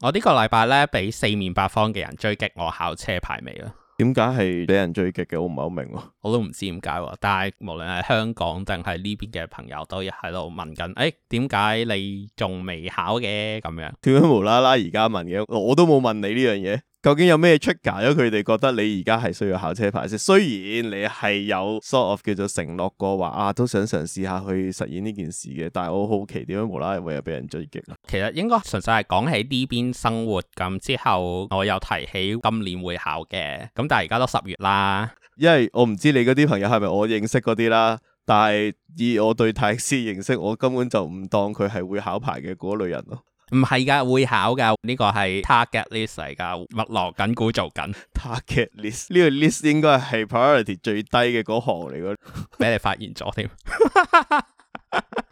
我個呢個禮拜咧，俾四面八方嘅人追擊我考車牌未啦。點解係俾人追擊嘅？我唔係好明我，欸。我都唔知點解。但係無論係香港定係呢邊嘅朋友，都喺度問緊。誒，點解你仲未考嘅？咁樣點解無啦啦而家問嘅？我都冇問你呢樣嘢。究竟有咩出格咗？佢哋覺得你而家係需要考車牌先，雖然你係有 sort of 叫做承諾過話啊，都想嘗試下去實現呢件事嘅，但係我好奇點解無啦啦會俾人追擊？其實應該純粹係講起呢邊生活咁之後，我又提起今年會考嘅，咁但係而家都十月啦。因為我唔知你嗰啲朋友係咪我認識嗰啲啦，但係以我對泰斯認識，我根本就唔當佢係會考牌嘅嗰類人咯。唔係噶，會考噶，呢、這個係 tar target list 嚟噶，麥羅緊估做緊 target list。呢個 list 應該係 priority 最低嘅嗰行嚟，我俾你發現咗添。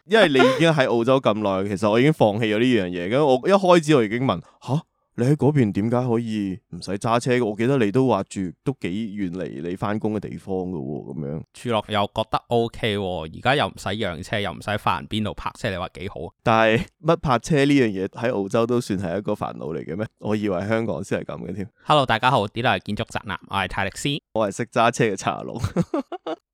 因為你已經喺澳洲咁耐，其實我已經放棄咗呢樣嘢。咁我一開，始我已經問吓。啊你喺嗰邊點解可以唔使揸車？我記得你都話住都幾遠離你翻工嘅地方噶喎，哦，咁樣住落又覺得 O K 喎，而家又唔使養車，又唔使煩邊度泊車，你話幾好？但係乜泊車呢樣嘢喺澳洲都算係一個煩惱嚟嘅咩？我以為香港先係咁嘅添。Hello，大家好，呢度係建築宅男，我係泰力斯，我係識揸車嘅茶佬。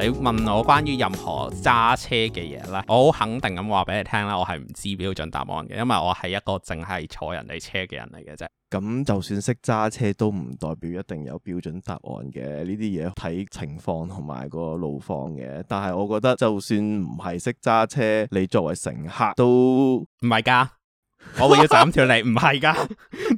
你問我關於任何揸車嘅嘢啦，我好肯定咁話俾你聽啦，我係唔知標準答案嘅，因為我係一個淨係坐人哋車嘅人嚟嘅啫。咁就算識揸車都唔代表一定有標準答案嘅，呢啲嘢睇情況同埋個路況嘅。但係我覺得就算唔係識揸車，你作為乘客都唔係㗎。 我會要斬條命，唔係噶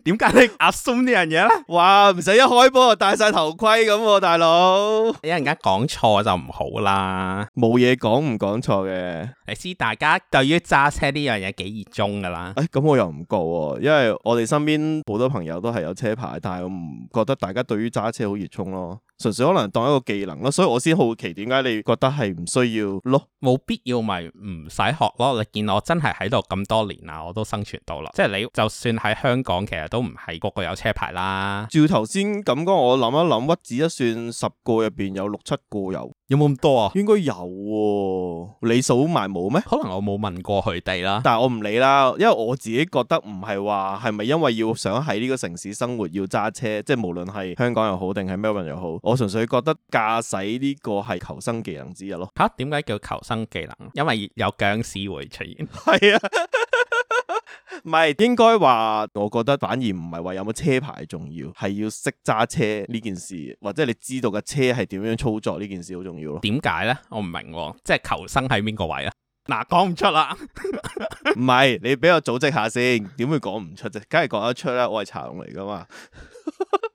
點 解你壓鬆呢樣嘢咧？哇，唔使一開波就戴晒頭盔咁，啊，大佬。如果人家講錯就唔好啦，冇嘢講唔講錯嘅。你知大家對於揸車呢樣嘢幾熱衷噶啦？誒、哎，咁我又唔覺，啊，因為我哋身邊好多朋友都係有車牌，但係我唔覺得大家對於揸車好熱衷咯。純粹可能當一個技能咯，所以我先好奇點解你覺得係唔需要咯？冇必要咪唔使學咯？你見我真係喺度咁多年啊，我都生存到啦。即係你就算喺香港，其實都唔係個個有車牌啦。照頭先咁講，我諗一諗屈指一算，十個入邊有六七個有。有冇咁多啊？應該有喎，你數埋冇咩？可能我冇問過佢哋啦，但係我唔理啦，因為我自己覺得唔係話係咪因為要想喺呢個城市生活要揸車，即係無論係香港又好定係 Melbourne 又好，我純粹覺得駕駛呢個係求生技能之一咯。吓，點解叫求生技能？因為有僵屍會出現。係 是啊。 唔係，應該話，我覺得反而唔係話有冇車牌重要，係要識揸車呢件事，或者你知道嘅車係點樣操作呢件事好重要咯。點解呢？我唔明，即係求生喺邊個位啊？嗱，講唔出啦，唔係，你俾我組織下先，點會講唔出啫？梗係講得出啦，我係茶龍嚟噶嘛。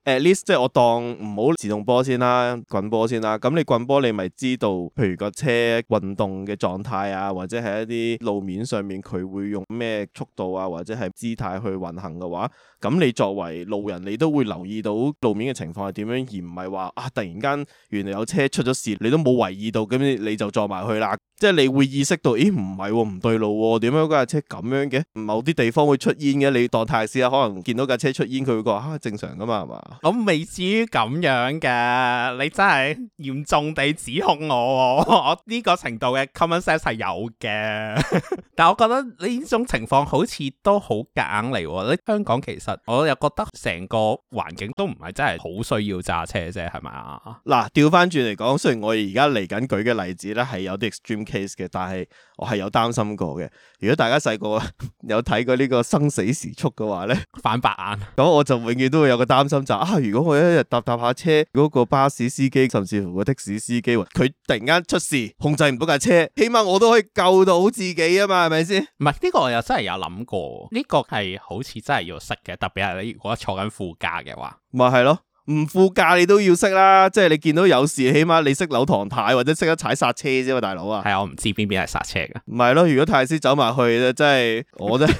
at least 即係我當唔好自動波先啦，滾波先啦。咁你滾波，你咪知道，譬如個車運動嘅狀態啊，或者係一啲路面上面佢會用咩速度啊，或者係姿態去運行嘅話，咁你作為路人，你都會留意到路面嘅情況係點樣，而唔係話啊突然間原來有車出咗事，你都冇為意到，咁你就撞埋去啦。即係你會意識到，咦唔係喎，唔對路喎，啊，點解架車咁樣嘅？某啲地方會出煙嘅，你當太師啊，可能見到架車出煙，佢會話嚇、啊、正常㗎嘛，係嘛？我未至於咁樣嘅，你真係嚴重地指控我。我呢個程度嘅 common sense 係有嘅， 但係我覺得呢種情況好似都好夾硬嚟。你香港其實我又覺得成個環境都唔係真係好需要揸車啫，係咪啊？嗱，調翻轉嚟講，雖然我而家嚟緊舉嘅例子咧係有啲 extreme case 嘅，但係我係有擔心過嘅。如果大家細個有睇過呢個生死時速嘅話咧，反白眼。咁我就永遠都會有個擔心就。啊！如果我一日搭搭下車嗰個巴士司機，甚至乎個的士司機，佢突然間出事，控制唔到架車，起碼我都可以救到自己啊嘛，係咪先？唔係呢個，我又真係有諗過，呢、呢個係好似真係要識嘅，特別係你如果你坐緊副駕嘅話，咪係咯？唔副駕你都要識啦，即係你見到有事，起碼你識扭堂軚或者識得踩剎車啫嘛，大佬啊！係啊，我唔知邊邊係剎車噶。唔係咯？如果太師走埋去咧，真係我真。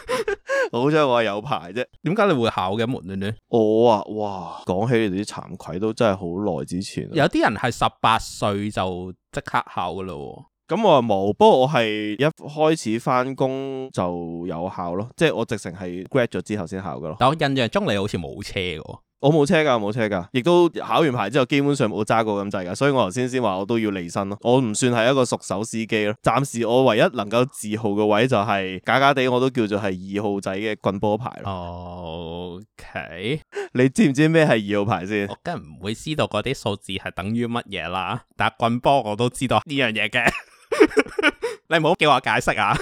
好彩我有牌啫，點解你會考嘅門呢？我啊，哇，講起你哋啲慚愧都真係好耐之前。有啲人係十八歲就即刻考噶咯，咁我話冇，不過我係一開始翻工就有考咯，即係我直情係 grad 咗之後先考噶咯。但我、嗯、印象中你好似冇車噶。我冇車噶，冇車噶，亦都考完牌之後基本上冇揸過咁滯噶，所以我頭先先話我都要離身咯。我唔算係一個熟手司機咯，暫時我唯一能夠自豪嘅位就係、是，假假地我都叫做係二號仔嘅棍波牌咯。OK，你知唔知咩係二號牌先？我梗係唔會知道嗰啲數字係等於乜嘢啦，但棍波我都知道呢樣嘢嘅。 你唔好叫我解釋啊！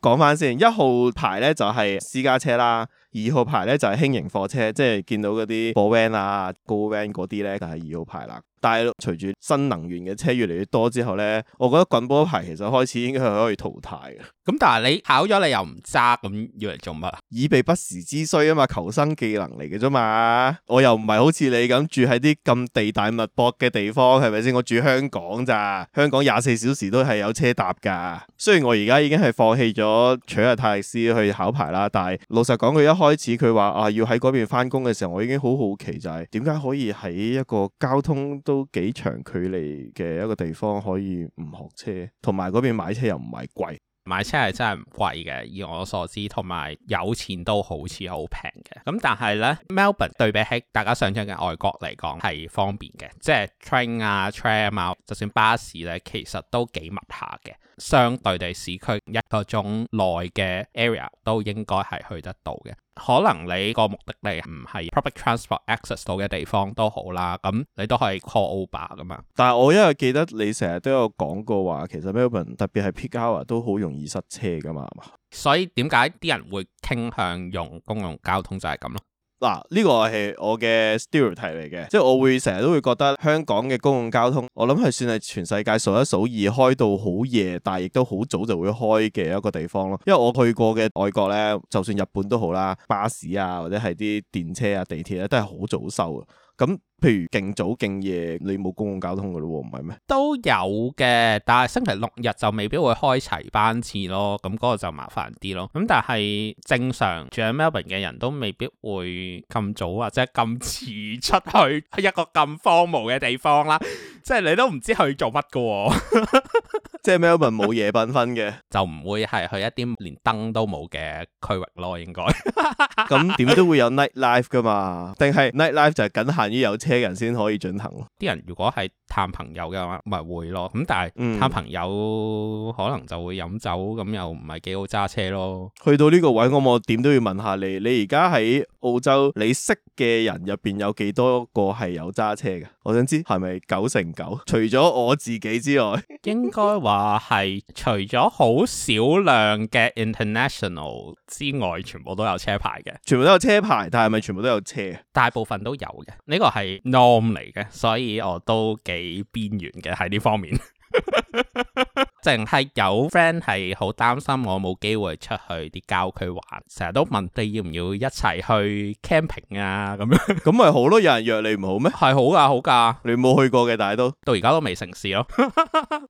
講 翻先，一號牌咧就係、是，私家車啦。二號牌咧就係、是、輕型貨車，即係見到嗰啲貨 van 啊、高 van 嗰啲咧就係、是、二號牌啦。但係隨住新能源嘅車越嚟越多之後咧，我覺得棍波牌其實開始應該係可以淘汰嘅。咁、嗯、但係你考咗你又唔揸，咁要嚟做乜？以備不時之需啊嘛，求生技能嚟嘅啫嘛。我又唔係好似你咁住喺啲咁地大物博嘅地方，係咪先？我住香港咋？香港廿四小時都係有車搭㗎。雖然我而家已經係放棄咗取下泰斯去考牌啦，但係老實講佢一開開始佢話啊，要喺嗰邊返工嘅時候，我已經好好奇就係點解可以喺一個交通都幾長距離嘅一個地方可以唔學車，同埋嗰邊買車又唔係貴，買車係真係唔貴嘅，以我所知，同埋有，有錢都好似好平嘅。咁但係呢 Melbourne 對比起大家想像嘅外國嚟講係方便嘅，即係 train 啊、tram 啊，就算巴士呢，其實都幾密下嘅。相對地，市區一個鐘內嘅 area 都應該係去得到嘅。可能你個目的地唔係 public transport access 到嘅地方都好啦，咁你都可以 call Uber 噶嘛。但係我因為記得你成日都有講過話，其實 Melbourne 特別係 peak hour 都好容易塞車噶嘛，係嘛？所以點解啲人會傾向用公共交通就係咁咯？嗱，呢個係我嘅 still 題嚟嘅，即係我會成日都會覺得香港嘅公共交通，我諗係算係全世界數一數二開到好夜，但係亦都好早就會開嘅一個地方咯。因為我去過嘅外國呢，就算日本都好啦，巴士啊或者係啲電車啊地鐵咧、啊，都係好早收啊。咁，譬如勁早勁夜，你冇公共交通嘅咯，唔係咩？都有嘅，但係星期六日就未必會開齊班次咯。咁嗰個就麻煩啲咯。咁但係正常住喺 Melbourne 嘅人都未必會咁早或者咁遲出去去一個咁荒蕪嘅地方啦。即 係你都唔知去做乜嘅、哦。 即係 Melbourne 冇夜繽紛嘅，就唔會係去一啲連燈都冇嘅區域咯，應該。咁點都會有 night life 噶嘛？定係 night life 就係僅限於有車人先可以進行咯。啲人如果係探朋友嘅話，咪會咯。咁但係探朋友可能就會飲酒，咁又唔係幾好揸車咯。去到呢個位，我我點都要問下你，你而家喺？澳洲你識嘅人入邊有幾多個係有揸車嘅？我想知係咪九成九？除咗我自己之外，應該話係除咗好少量嘅 international 之外，全部都有車牌嘅。全部都有車牌，但係咪全部都有車？大部分都有嘅，呢個係 norm 嚟嘅，所以我都幾邊緣嘅喺呢方面。 淨係有 friend 係好擔心我冇機會出去啲郊區玩，成日都問你要唔要一齊去 camping 啊咁樣，咁咪好咯，有人約你唔好咩？係好噶，好噶，你冇去過嘅，但係都到而家都未成事咯。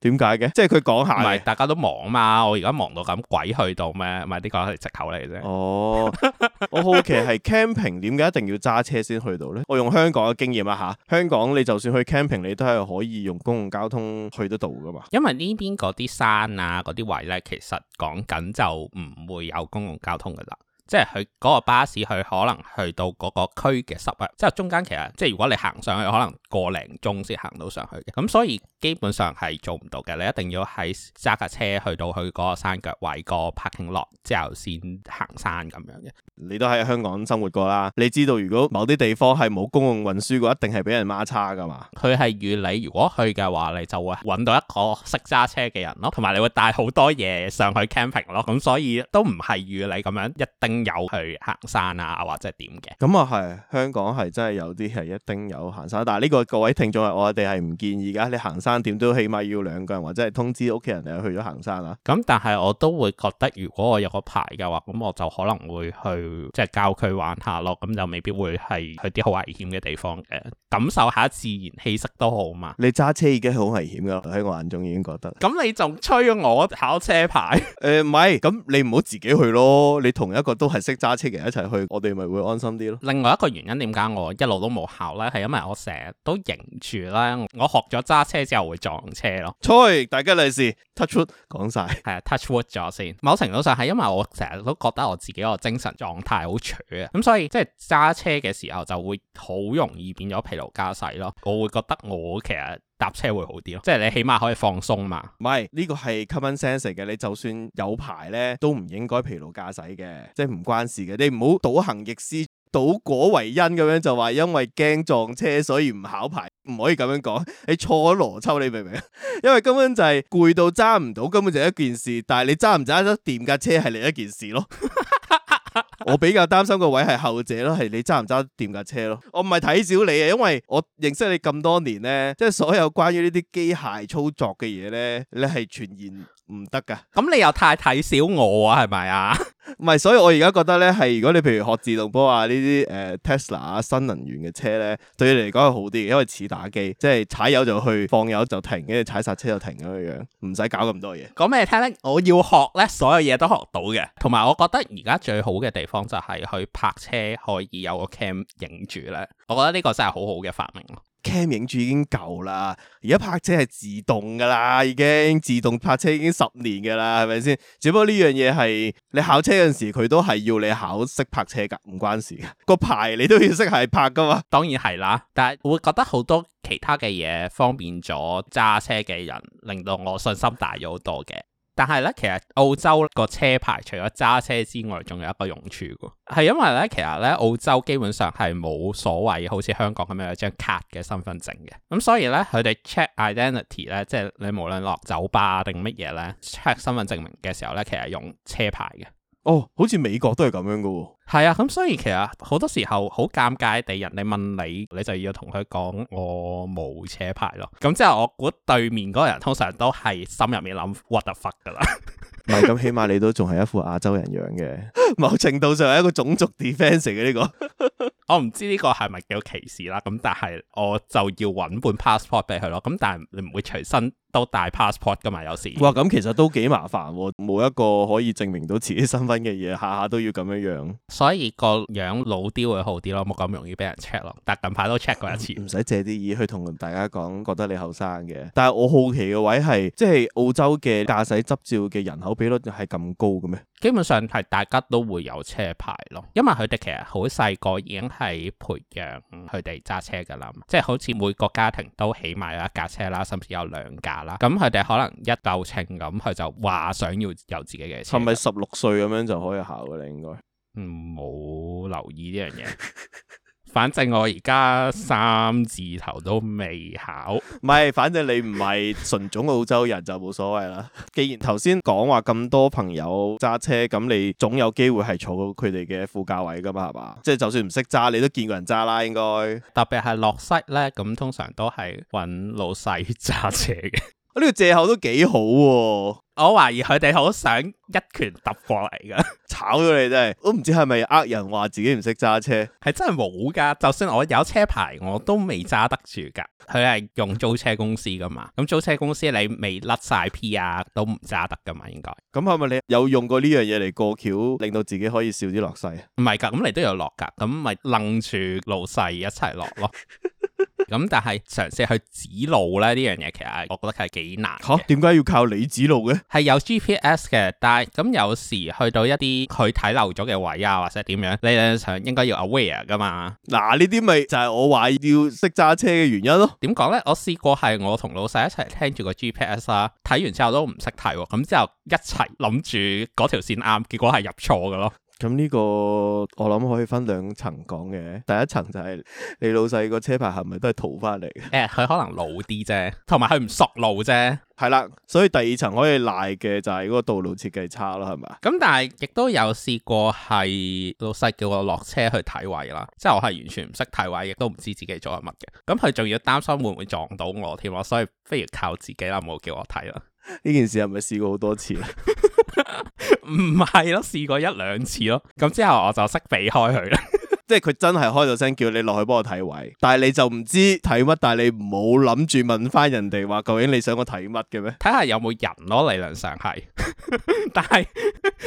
點解嘅？即係佢講下，唔係大家都忙啊嘛，我而家忙到咁鬼去到咩？唔係啲講係藉口嚟啫。哦，我好奇係 camping 點解一定要揸車先去到呢？我用香港嘅經驗啊嚇，香港你就算去 camping 你都係可以用公共交通去得到噶嘛。因為呢邊嗰啲。啲山啊，嗰啲位咧，其實講緊就唔會有公共交通噶啦。即係佢嗰個巴士去，去可能去到嗰個區嘅十日，即係中間其實即係如果你行上去，可能個零鐘先行到上去嘅，咁所以基本上係做唔到嘅。你一定要喺揸架車去到去嗰個山腳位個 parking 落之後先行山咁樣嘅。你都喺香港生活過啦，你知道如果某啲地方係冇公共運輸嘅，一定係畀人孖叉噶嘛。佢係與你如果去嘅話，你就會搵到一個識揸車嘅人咯，同埋你會帶好多嘢上去 camping 咯，咁所以都唔係與你咁樣一定。有去行山啊，或者點嘅？咁啊係，香港係真係有啲係一定有行山，但係呢個各位聽眾，我哋係唔建議噶。你行山點都起碼要兩個人，或者係通知屋企人，你去咗行山啊，咁、嗯、但係我都會覺得，如果我有個牌嘅話，咁我就可能會去即係郊區玩下咯。咁就未必會係去啲好危險嘅地方嘅，感受下自然氣息都好嘛。你揸車已經好危險噶，喺我眼中已經覺得。咁、嗯、你仲催我考車牌？誒唔係，咁、嗯、你唔好自己去咯，你同一個。都係識揸車嘅一齊去，我哋咪會安心啲咯。另外一個原因點解我一路都冇考呢？係因為我成日都驚住咧。我學咗揸車之後會撞車咯。j o 大吉利是 touch wood 講晒係啊，touch wood 咗先。某程度上係因為我成日都覺得我自己個精神狀態好脆，啊，咁所以即係揸車嘅時候就會好容易變咗疲勞駕駛咯。我會覺得我其實。搭車會好啲咯，即係你起碼可以放鬆嘛。唔係呢個係 common sense 嘅，你就算有牌咧都唔應該疲勞駕駛嘅，即係唔關事嘅。你唔好倒行逆施，倒果為因咁樣就話因為驚撞車所以唔考牌，唔可以咁樣講，你錯咗邏輯，你明唔明？因為根本就係攰到揸唔到，根本就係一件事，但係你揸唔揸得掂架車係另一件事咯。 我比較擔心個位係後者咯，係你揸唔揸掂架車咯。我唔係睇小你啊，因為我認識你咁多年咧，即係所有關於呢啲機械操作嘅嘢咧，你係全然。唔得噶，咁你又太睇小我啊，係咪啊？唔 係，所以我而家覺得咧，係如果你譬如學自動波啊呢啲誒 Tesla 啊新能源嘅車咧，對你嚟講係好啲，因為似打機，即係踩油就去，放油就停，跟住踩剎車就停咁樣樣，唔使搞咁多嘢。講俾你聽咧，我要學咧，所有嘢都學到嘅，同埋我覺得而家最好嘅地方就係去泊車可以有個 cam 影住咧，我覺得呢個真係好好嘅發明啊！cam 影住已經夠啦，而家泊車係自動噶啦，已經自動泊車已經十年噶啦，係咪先？只不過呢樣嘢係你考車嗰陣時，佢都係要你考識泊車噶，唔關事噶。個牌你都要識係泊噶嘛？當然係啦，但係我會覺得好多其他嘅嘢方便咗揸車嘅人，令到我信心大咗好多嘅。但係咧，其實澳洲個車牌除咗揸車之外，仲有一個用處喎。係因為咧，其實咧，澳洲基本上係冇所謂，好似香港咁樣有張卡嘅身份證嘅。咁、嗯、所以咧，佢哋 check identity 咧，即係你無論落酒吧定乜嘢咧，check 身份證明嘅時候咧，其實係用車牌嘅。哦，好似美國都係咁樣噶喎、哦。係啊，咁所以其實好多時候好尷尬地，人你問你，你就要同佢講我冇車牌咯。咁之後我估對面嗰個人通常都係心入面諗 What the fuck 噶啦。唔係，咁起碼你都仲係一副亞洲人樣嘅。某程度上係一個種族 defence 嘅呢、呢個， 我唔知呢個係咪叫歧視啦。咁但係我就要搵本 passport 俾佢咯。咁但係你唔會隨身。都大 passport 㗎嘛，有時哇，咁其實都幾麻煩喎，冇一個可以證明到自己身份嘅嘢，下下都要咁樣樣。所以個樣老啲會好啲咯，冇咁容易俾人 check 咯。但係近排都 check 過一次，唔使借啲意去同大家講覺得你後生嘅。但係我好奇嘅位係，即係澳洲嘅駕駛執照嘅人口比率係咁高嘅咩？基本上係大家都會有車牌咯，因為佢哋其實好細個已經係培養佢哋揸車噶啦，即係好似每個家庭都起碼有一架車啦，甚至有兩架啦。咁佢哋可能一夠秤咁，佢就話想要有自己嘅車。係咪十六歲咁樣就可以考嘅咧？你應該？嗯，冇留意呢樣嘢。 反正我而家三字頭都未考，唔係，反正你唔係純種澳洲人就冇所謂啦。 既然頭先講話咁多朋友揸車，咁你總有機會係坐佢哋嘅副駕位噶嘛，係嘛？即 係就，就算唔識揸，你都見過人揸啦，應該。特別係落西咧，咁通常都係搵老細揸車嘅。呢 個借口都幾好，啊。我懷疑佢哋好想一拳揼過嚟噶， 炒咗你真係，我都唔知係咪呃人話自己唔識揸車，係真係冇噶。就算我有車牌，我都未揸得住噶。佢係用租車公司噶嘛？咁、嗯、租車公司你未甩晒 P 啊，都唔揸得噶嘛？應該。咁係咪你有用過呢樣嘢嚟過橋，令到自己可以少啲落細？唔係噶，咁你都有落噶，咁咪楞住老細一齊落咯。 咁、嗯、但係嘗試去指路咧，呢樣嘢，其實我覺得佢係幾難。吓、啊，點解要靠你指路嘅？係有 GPS 嘅，但係咁、嗯、有時去到一啲佢睇漏咗嘅位啊，或者點樣，你想應該要 aware 噶嘛？嗱、啊，呢啲咪就係我話要識揸車嘅原因咯。點講咧？我試過係我同老細一齊聽住個 GPS 啊，睇完之後都唔識睇，咁之後一齊諗住嗰條線啱，結果係入錯噶咯。咁呢個我諗可以分兩層講嘅，第一層就係你老細個車牌係咪都係逃翻嚟？誒、欸，佢可能老啲啫，同埋佢唔熟路啫，係啦。 所以第二層可以賴嘅就係嗰個道路設計差啦，係咪？咁但係亦都有試過係老細叫我落車去睇位啦，即係我係完全唔識睇位，亦都唔知自己做緊乜嘅。咁佢仲要擔心會唔會撞到我添，所以不如靠自己啦，唔好叫我睇啦。呢件事係咪試過好多次咧？ 唔係咯，試 過一兩次咯，咁之後我就識避開佢啦。 即係佢真係開咗聲叫你落去幫我睇位，但係你就唔知睇乜，但係你冇諗住問翻人哋話究竟你想我睇乜嘅咩？睇下有冇人咯、啊，理論上係， 但係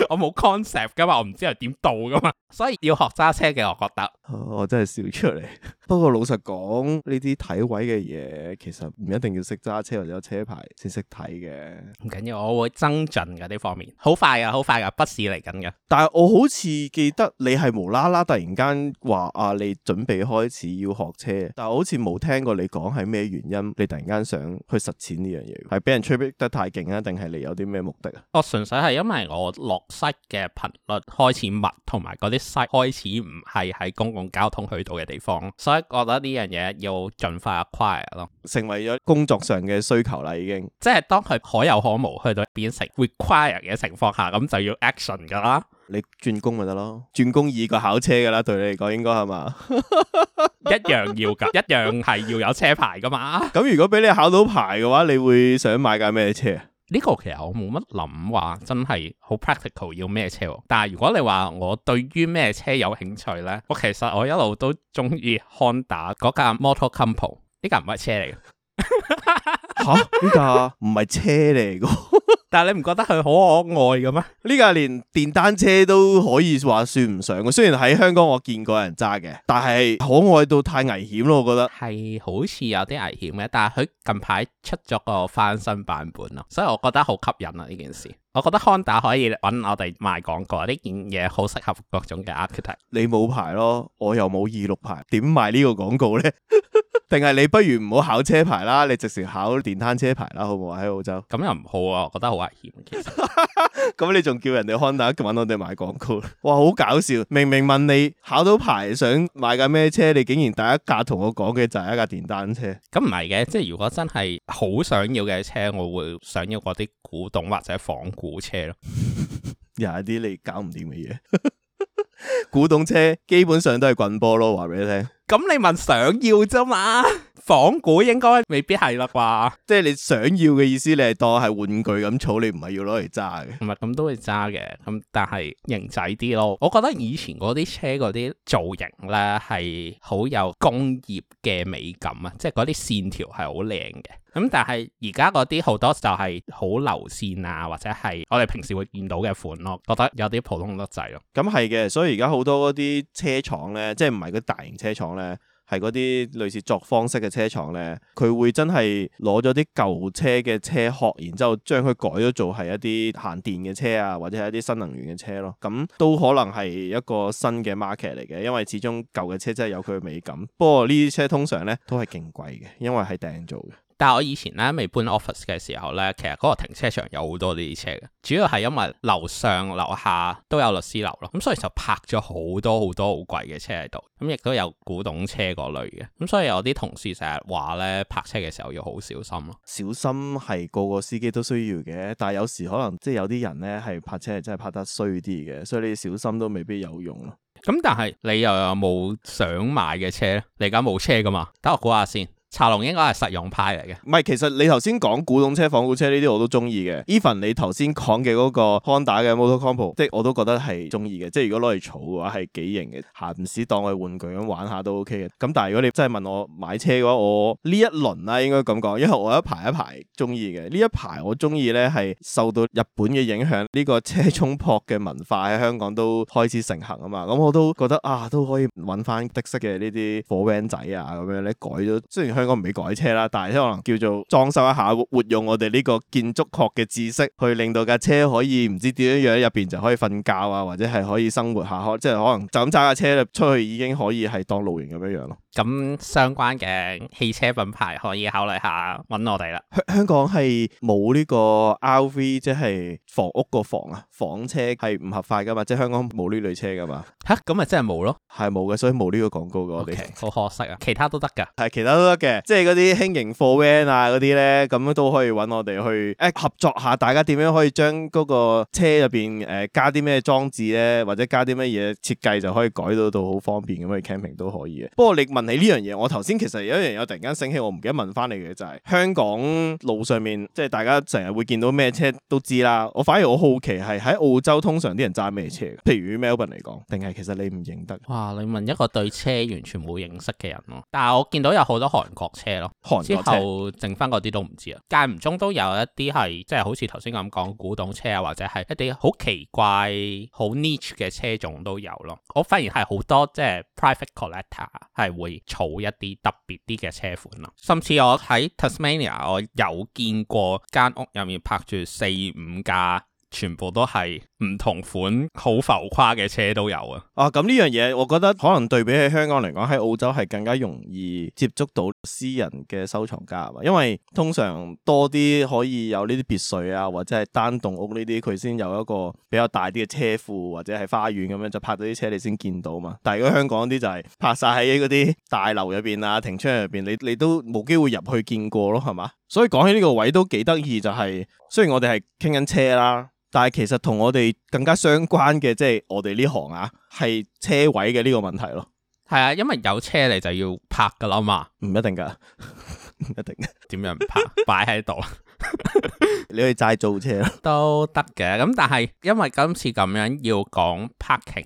我冇 concept 噶嘛，我唔知係點到噶嘛，所以要學揸車嘅，我覺得、哦、我真係笑出嚟。不過老實講，呢啲睇位嘅嘢其實唔一定要識揸車或者有車牌先識睇嘅。唔緊要，我會增進嘅呢方面，好快噶，好快噶，筆試嚟緊嘅。但係我好似記得你係無啦啦突然間話啊，你準備開始要學車，但係好似冇聽過你講係咩原因，你突然間想去實踐呢樣嘢，係俾人催逼得太勁啊，定係你有啲咩目的啊？我純粹係因為我落塞嘅頻率開始密，同埋嗰啲塞開始唔係喺公共交通去到嘅地方，所覺得呢樣嘢要盡快 acquire 咯，成為咗工作上嘅需求啦，已經。即係當佢可有可無去到變成 require 嘅情況下，咁就要 action 噶啦。你轉工咪得咯，轉工要個考車噶啦，對你嚟講應該係嘛？一樣要噶，一樣係要有車牌噶嘛。咁 如果俾你考到牌嘅話，你會想買架咩車？呢個其實我冇乜諗話真係好 practical 要咩車，但係如果你話我對於咩車有興趣呢，我其實我一路都中意 Honda 嗰架 Motocompo，呢架唔係車嚟嘅。吓， 呢架唔係車嚟嘅。 但你唔覺得佢好可愛嘅咩？呢個連電單車都可以話算唔上，雖然喺香港我見過人揸嘅，但係可愛到太危險咯，我覺得係好似有啲危險嘅。但係佢近排出咗個翻新版本啊，所以我覺得好吸引啊呢件事。我覺得 Honda 可以搵我哋賣廣告，呢件嘢好適合各種嘅 architect。你冇牌咯，我又冇二六牌，點賣呢個廣告呢？ 定係你不如唔好考車牌啦，你直接考電單車牌啦，好唔好？喺澳洲咁又唔好啊，我覺得好危險。其實咁你仲叫人哋看 Honda 搵我哋買廣告，哇，好搞笑！明明問你考到牌想買架咩車，你竟然第一架同我講嘅就係一架電單車。咁唔係嘅，即係如果真係好想要嘅車，我會想要嗰啲古董或者仿古車咯。 有一啲你搞唔掂嘅嘢。 古董車基本上都係滾波咯，話俾你聽。咁你問想要咋嘛？仿古應該未必係啦啩，即係你想要嘅意思你是是，你係當係玩具咁儲你唔係要攞嚟揸嘅。唔係，咁都會揸嘅。咁、嗯、但係型仔啲咯。我覺得以前嗰啲車嗰啲造型咧係好有工業嘅美感啊，即係嗰啲線條係好靚嘅。咁、嗯、但係而家嗰啲好多就係好流線啊，或者係我哋平時會見到嘅款咯，覺得有啲普通得滯咯。咁係嘅，所以而家好多嗰啲車廠咧，即係唔係個大型車廠咧？係嗰啲類似作坊式嘅車廠咧，佢會真係攞咗啲舊車嘅車殼，然之後將佢改咗做係一啲限電嘅車啊，或者係一啲新能源嘅車咯。咁、嗯、都可能係一個新嘅 market 嚟嘅，因為始終舊嘅車真係有佢嘅美感。不過呢啲車通常咧都係勁貴嘅，因為係訂做嘅。但係我以前咧未搬 office 嘅時候咧，其實嗰個停車場有好多呢啲車嘅，主要係因為樓上樓下都有律師樓咯，咁所以就泊咗好多好多好貴嘅車喺度，咁亦都有古董車嗰類嘅，咁所以我啲同事成日話咧，泊車嘅時候要好小心咯。小心係個個司機都需要嘅，但係有時可能即係有啲人咧係泊車真係泊得衰啲嘅，所以你小心都未必有用咯。咁但係你又有冇想買嘅車咧？你而家冇車噶嘛？等我估下先。茶龍應該係實用派嚟嘅，唔係其實你頭先講古董車、仿古車呢啲我都中意嘅。Even 你頭先講嘅嗰個 Honda 嘅 Motocompo 即係我都覺得係中意嘅。即係如果攞嚟儲嘅話係幾型嘅，閒時當佢玩具咁玩下都 OK 嘅。咁但係如果你真係問我買車嘅話，我一輪呢一輪咧應該咁講，因為我一排一排中意嘅。呢一排我中意咧係受到日本嘅影響，呢、這個車中泊嘅文化喺香港都開始盛行啊嘛。咁我都覺得啊，都可以揾翻的色嘅呢啲火 van 仔啊，咁樣咧改咗，雖然香。應該唔俾改車啦，但係可能叫做裝修一下，活用我哋呢個建築學嘅知識，去令到架車可以唔知點樣樣入邊就可以瞓覺啊，或者係可以生活下，可即係可能就咁揸架車出去已經可以係當露營咁樣樣咯。咁相關嘅汽車品牌可以考慮下揾我哋啦。香港係冇呢個 RV，即係房屋個房啊，房車係唔合法㗎嘛，即係香港冇呢類車㗎嘛。嚇，咁咪真係冇咯？係冇嘅，所以冇呢個廣告嘅我哋。好可惜啊！其他都得㗎，係其他都得嘅，即係嗰啲輕型貨 van 啊嗰啲咧，咁都可以揾我哋去誒、啊、合作下，大家點樣可以將嗰個車入邊誒加啲咩裝置咧，或者加啲乜嘢設計就可以改到到好方便咁去 camping 都可以嘅。不過你問。你呢樣嘢，我頭先其實有一樣嘢突然間醒起，我唔記得問翻你嘅就係香港路上面，即係大家成日會見到咩車都知啦。我反而我好奇係喺澳洲通常啲人揸咩車，譬如 Melbourne 嚟講，定係其實你唔認得？哇！你問一個對車完全冇認識嘅人咯。但係我見到有好多韓國車咯，之後剩翻嗰啲都唔知啊。間唔中都有一啲係即係好似頭先咁講古董車啊，或者係一啲好奇怪好 niche 嘅車種都有咯。我反而係好多即係 private collector 係會儲一啲特別啲嘅車款啦，甚至我喺 Tasmania 我有見過間屋入面泊住四五架，全部都係。唔同款好浮誇嘅車都有啊！啊，咁呢樣嘢，我覺得可能對比起香港嚟講，喺澳洲係更加容易接觸到私人嘅收藏家啊，因為通常多啲可以有呢啲別墅啊，或者係單棟屋呢啲，佢先有一個比較大啲嘅車庫或者係花園咁樣，就拍到啲車你先見到嘛。但係如果香港啲就係拍晒喺嗰啲大樓入邊啊、停車入邊，你你都冇機會入去見過咯，係嘛？所以講起呢個位都幾得意，就係、是、雖然我哋係傾緊車啦。但係其實同我哋更加相關嘅，即係我哋呢行啊，係車位嘅呢個問題咯。係啊，因為有車嚟就要泊噶啦嘛，唔一定噶，唔 一定。點樣泊？泊？ 擺喺度，你去以齋租車咯，都得嘅。咁但係因為今次咁樣要講 parking。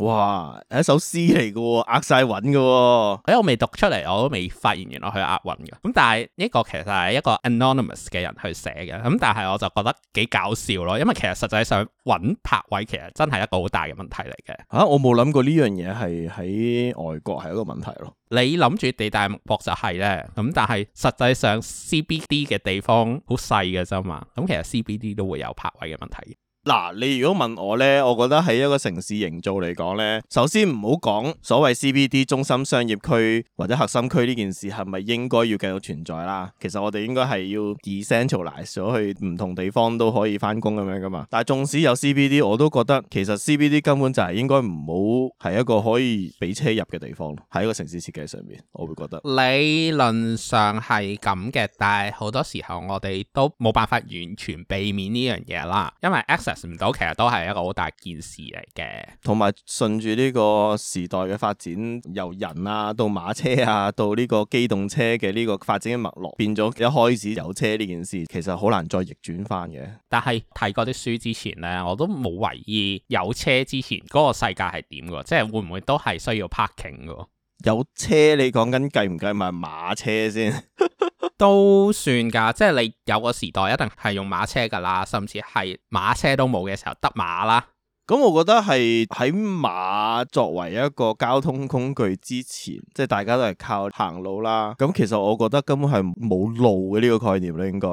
哇，係一首詩嚟嘅，呃晒韻嘅。我未讀出嚟，我都未發現原來佢押韻嘅。咁、嗯、但係呢、這個其實係一個 anonymous 嘅人去寫嘅。咁、嗯、但係我就覺得幾搞笑咯，因為其實實際上揾泊位其實真係一個好大嘅問題嚟嘅。嚇、啊，我冇諗過呢樣嘢係喺外國係一個問題咯。你諗住地大物博就係咧，咁、嗯、但係實際上 CBD 嘅地方好細嘅啫嘛。咁、嗯、其實 CBD 都會有泊位嘅問題。嗱，你如果問我咧，我覺得喺一個城市營造嚟講咧，首先唔好講所謂 CBD 中心商業區或者核心區呢件事係咪應該要繼續存在啦。其實我哋應該係要 decentralize 咗，去唔同地方都可以翻工咁樣噶嘛。但係縱使有 CBD，我都覺得其實 CBD 根本就係應該唔好係一個可以俾車入嘅地方，喺一個城市設計上面，我會覺得理論上係咁嘅，但係好多時候我哋都冇辦法完全避免呢樣嘢啦，因為唔到，其實都係一個好大件事嚟嘅。同埋順住呢個時代嘅發展，由人啊到馬車啊到呢個機動車嘅呢個發展嘅脈絡，變咗一開始有車呢件事，其實好難再逆轉返嘅。但係睇過啲書之前咧，我都冇懷疑有車之前嗰個世界係點㗎，即係會唔會都係需要 parking 㗎？有車，你講緊計唔計埋馬車先？ 都算噶，即係你有個時代一定係用馬車噶啦，甚至係馬車都冇嘅時候得馬啦。咁、嗯、我覺得係喺馬作為一個交通工具之前，即係大家都係靠行路啦。咁、嗯、其實我覺得根本係冇路嘅呢個概念咧，應該。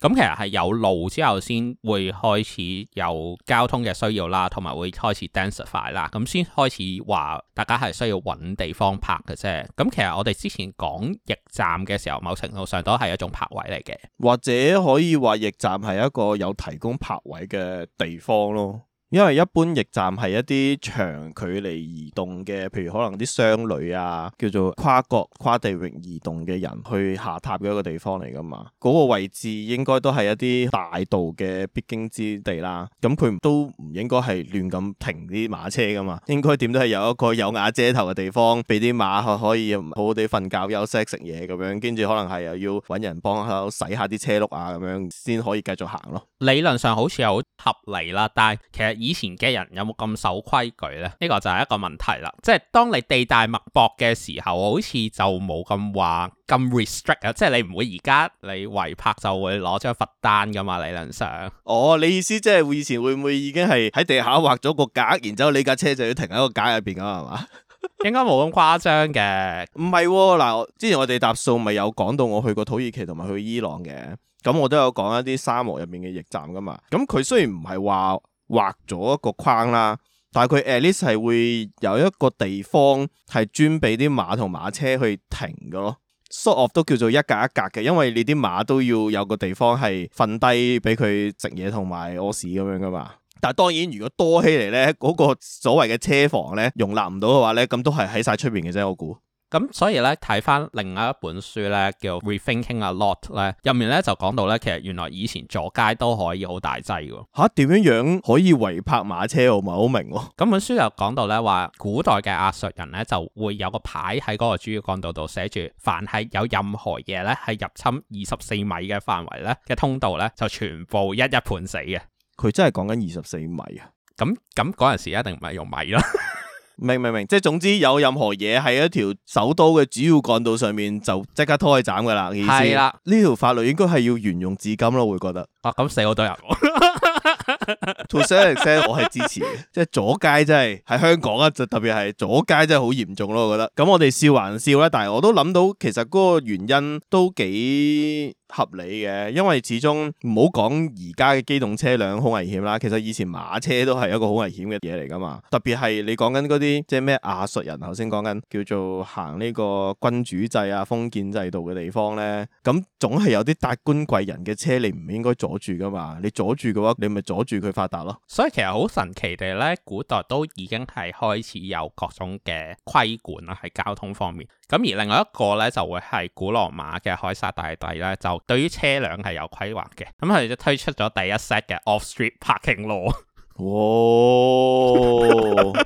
咁其實係有路之後先會開始有交通嘅需要啦，同埋會開始 densify 啦，咁先開始話大家係需要揾地方泊嘅啫。咁其實我哋之前講驛站嘅時候，某程度上都係一種泊位嚟嘅，或者可以話驛站係一個有提供泊位嘅地方咯。因為一般驛站係一啲長距離移動嘅，譬如可能啲商旅啊，叫做跨國、跨地域移動嘅人去下榻嘅一個地方嚟噶嘛。嗰個位置應該都係一啲大道嘅必經之地啦。咁佢都唔應該係亂咁停啲馬車噶嘛。應該點都係有一個有瓦遮頭嘅地方，俾啲馬可以好好地瞓覺、休息、食嘢咁樣。跟住可能係又要搵人幫手洗下啲車轆啊樣，咁樣先可以繼續行咯。理論上好似好合理啦，但係其實。以前嘅人有冇咁守規矩呢？呢、呢個就係一個問題啦。即係當你地大物博嘅時候，好似就冇咁話咁 restrict 啊，rest ed, 即係你唔會而家你違泊就會攞張罰單噶嘛？理論上，哦，你意思即係以前會唔會已經係喺地下畫咗個架，然之後你架車就要停喺個架入邊噶嘛？係嘛？ 應該冇咁誇張嘅。唔係嗱，之前我哋搭數咪有講到我去過土耳其同埋去伊朗嘅，咁我都有講一啲沙漠入面嘅驛站噶嘛。咁佢雖然唔係話。畫咗一個框啦，但係佢 at least 係會有一個地方係專俾啲馬同馬車去停嘅咯。嗯、so sort of 都叫做一格一格嘅，因為你啲馬都要有個地方係瞓低俾佢食嘢同埋屙屎咁樣噶嘛。但係當然如果多起嚟咧，嗰、嗰個所謂嘅車房咧容納唔到嘅話咧，咁都係喺晒出邊嘅啫，我估。咁所以咧，睇翻另外一本書咧，叫《Rethinking a Lot》咧，入面咧就講到咧，其實原來以前左街都可以好大劑嘅吓，點樣、啊、樣可以違泊馬車？我唔係好明喎。咁本書就講到咧，話古代嘅亞述人咧就會有個牌喺嗰個主要幹道度寫住，凡係有任何嘢咧係入侵二十四米嘅範圍咧嘅通道咧，就全部一一判死嘅。佢真係講緊二十四米啊？咁咁嗰陣時一定唔係用米啦。 明白明明，即係總之有任何嘢喺一條首都嘅主要幹道上面，就即刻拖去斬噶啦，意思係啦。呢的條法律應該係要沿用至今咯，會覺得啊，咁死好都人。 extent，我係支持嘅， 即係左街真係喺香港啊，就特別係左街真係好嚴重咯、啊，我覺得。咁我哋笑還笑啦，但係我都諗到，其實嗰個原因都幾。合理嘅，因為始終唔好講而家嘅機動車輛好危險啦。其實以前馬車都係一個好危險嘅嘢嚟噶嘛，特別係你講緊嗰啲即係咩亞述人頭先講緊叫做行呢個君主制啊、封建制度嘅地方咧，咁總係有啲達官貴人嘅車，你唔應該阻住噶嘛。你阻住嘅話，你咪阻住佢發達咯。所以其實好神奇地咧，古代都已經係開始有各種嘅規管啊，喺交通方面。咁而另外一個咧就會係古羅馬嘅凱撒大帝咧就。對於車輛係有規劃嘅，咁佢哋就推出咗第一 set 嘅 off street parking 咯。哇！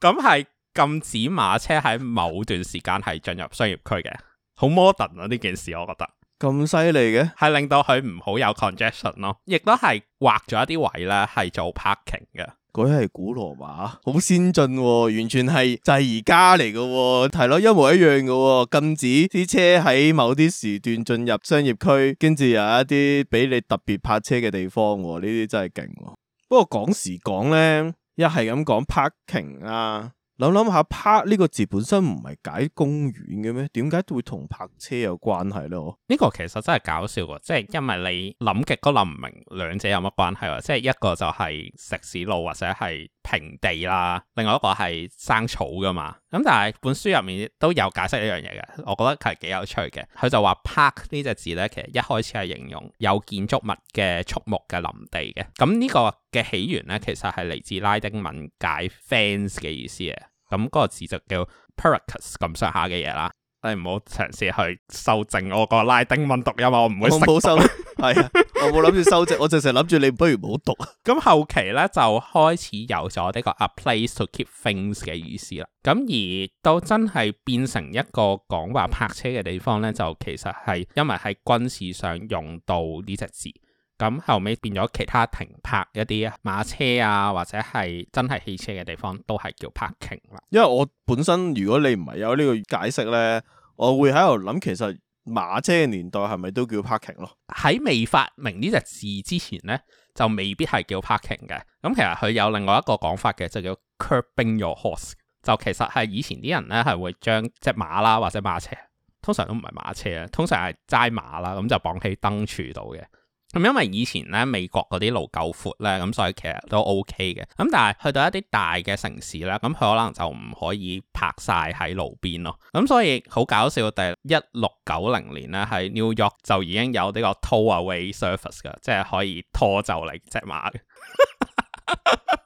咁係禁止馬車喺某段時間係進入商業區嘅，好 modern 啊！呢件事我覺得咁犀利嘅，係令到佢唔好有 congestion 咯，亦都係劃咗一啲位咧係做 parking 嘅。佢啲係古羅馬，好先進喎、哦，完全係就而家嚟嘅喎，係咯，一模一樣嘅喎、哦，禁止啲車喺某啲時段進入商業區，跟住有一啲俾你特別泊車嘅地方喎、哦，呢啲真係勁喎，不過講時講呢，一係咁講泊停啊。諗諗下 park 呢個字本身唔係解公園嘅咩？點解會同泊車有關係咧？呢個其實真係搞笑嘅，即係因為你諗極都諗唔明兩者有乜關係啊！即係一個就係食屎路或者係。平地啦，另外一個係生草㗎嘛，咁但係本書入面都有解釋呢樣嘢嘅，我覺得佢係幾有趣嘅。佢就話 park 呢隻字咧，其實一開始係形容有建築物嘅畜牧嘅林地嘅，咁、嗯、呢、這個嘅起源咧，其實係嚟自拉丁文解 fence 嘅意思嘅，咁、嗯、嗰、那個字就叫 parcus 咁上下嘅嘢啦。你唔好嘗試去修正我個拉丁文讀音，因為我唔會。我冇修，係啊，我冇諗住修正，我淨係諗住你不如唔好讀。咁 後期咧就開始有咗呢、這個 a place to keep things 嘅意思啦。咁而到真係變成一個講話泊車嘅地方咧，就其實係因為喺軍事上用到呢隻字。咁後尾變咗其他停泊一啲啊，馬車啊，或者係真係汽車嘅地方，都係叫 parking 啦。因為我本身如果你唔係有呢個解釋咧，我會喺度諗，其實馬車嘅年代係咪都叫 parking 咯？喺未發明呢隻字之前咧，就未必係叫 parking 嘅。咁其實佢有另外一個講法嘅，就叫 curbing your horse。就其實係以前啲人咧係會將隻馬啦或者馬車，通常都唔係馬車啊，通常係齋馬啦，咁就綁喺燈柱度嘅。咁因為以前咧美國嗰啲路夠闊咧，咁、嗯、所以其實都 OK 嘅。咁、嗯、但係去到一啲大嘅城市咧，咁、嗯、佢可能就唔可以泊晒喺路邊咯。咁、嗯、所以好搞笑，第一六九零年咧喺 New York 就已經有呢個 towaway service 嘅，即係可以拖走嚟隻馬嘅。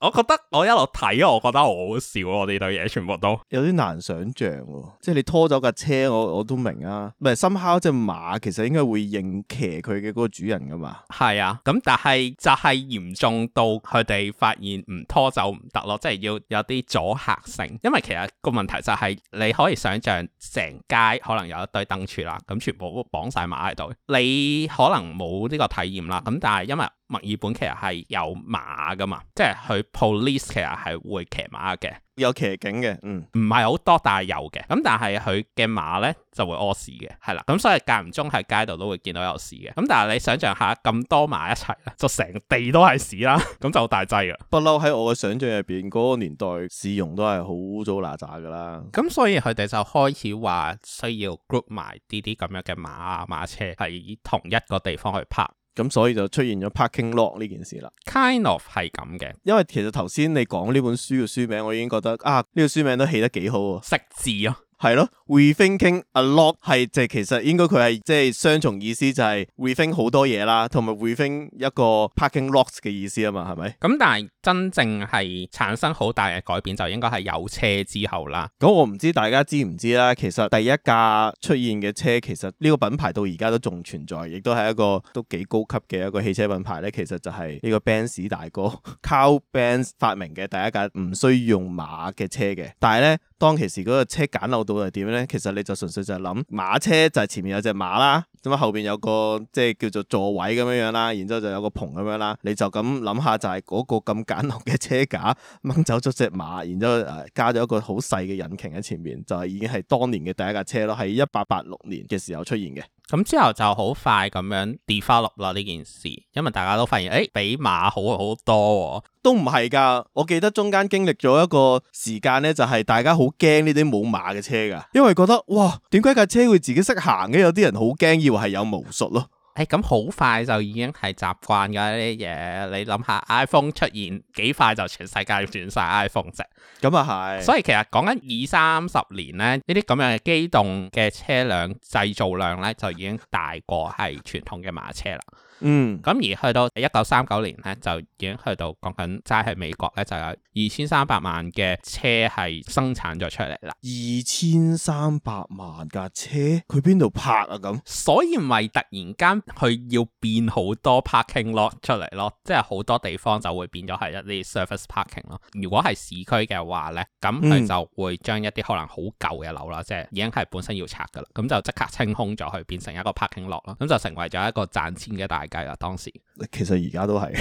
我覺得我一路睇，我覺得好好笑咯、啊，呢對嘢，全部都有啲難想象喎。即係你拖咗架車，我我都明啊。唔係，深烤隻馬其實應該會認騎佢嘅嗰個主人噶嘛。係啊，咁但係就係嚴重到佢哋發現唔拖走唔得咯，即係要有啲阻吓性。因為其實個問題就係你可以想象成街可能有一堆燈柱啦，咁全部綁晒馬喺度，你可能冇呢個體驗啦。咁但係因為。墨爾本其實係有馬噶嘛，即係佢 police 其實係會騎馬嘅，有騎警嘅，嗯，唔係好多，但係有嘅。咁但係佢嘅馬咧就會屙屎嘅，係啦。咁所以間唔中喺街度都會見到有屎嘅。咁但係你想象下，咁多馬一齊咧，就成地都係屎啦。咁 就大劑啊！不嬲喺我嘅想像入邊，嗰、那個年代市容都係好污糟嗱喳噶啦。咁所以佢哋就開始話需要 group 埋啲啲咁樣嘅馬啊馬車喺同一個地方去泊。咁所以就出現咗 Parking Lot 呢件事啦，kind of 係咁嘅。因為其實頭先你講呢本書嘅書名，我已經覺得啊呢個書名都起得幾好啊，食字啊。係咯 rethinking a lot 係，即係其實應該佢係，即係雙重意思，就係 rethink 好多嘢啦，同埋 rethink 一個 parking lots 嘅意思啊嘛，係咪？咁但係真正係產生好大嘅改變就應該係有車之後啦。咁我唔知大家知唔知啦，其實第一架出現嘅車其實呢個品牌到而家都仲存在，亦都係一個都幾高級嘅一個汽車品牌咧。其實就係呢個 Benz 大哥，Carl Benz 發明嘅第一架唔需要用馬嘅車嘅。但係咧，當其時嗰個車簡陋，到係點咧？其實你就純粹就係諗馬車就係前面有隻馬啦，咁啊後邊有個即係叫做座位咁樣樣啦，然之後就有個篷咁樣啦，你就咁諗下就係嗰個咁簡陋嘅車架掹走咗隻馬，然之後加咗一個好細嘅引擎喺前面，就係已經係當年嘅第一架車咯，喺一八八六年嘅時候出現嘅。咁之後就好快咁樣 develop 啦呢件事，因為大家都發現誒、欸，比馬好好多、哦，都唔係噶。我記得中間經歷咗一個時間呢，就係、是、大家好驚呢啲冇馬嘅車噶，因為覺得哇，點解架車會自己識行嘅？有啲人好驚，以為係有巫術咯。誒，咁好快就已經係習慣噶呢啲嘢，你諗下 iPhone 出現幾快就全世界轉晒 iPhone 啫，咁啊係， 所以其實講緊二三十年咧，呢啲咁樣嘅機動嘅車輛製造量咧就已經大過係傳統嘅馬車啦。嗯，咁而去到一九三九年咧，就已經去到講緊齋喺美國咧就有二千三百萬嘅車係生產咗出嚟啦。二千三百萬架車，佢邊度泊啊咁？所以咪突然間佢要變好多 parking lot 出嚟咯，即係好多地方就會變咗係一啲 surface parking 咯。如果係市區嘅話咧，咁佢就會將一啲可能好舊嘅樓啦，嗯、即係已經係本身要拆噶啦，咁就即刻清空咗去變成一個 parking lot 咯，咁就成為咗一個賺錢嘅大。計啦，當時其實而家都係，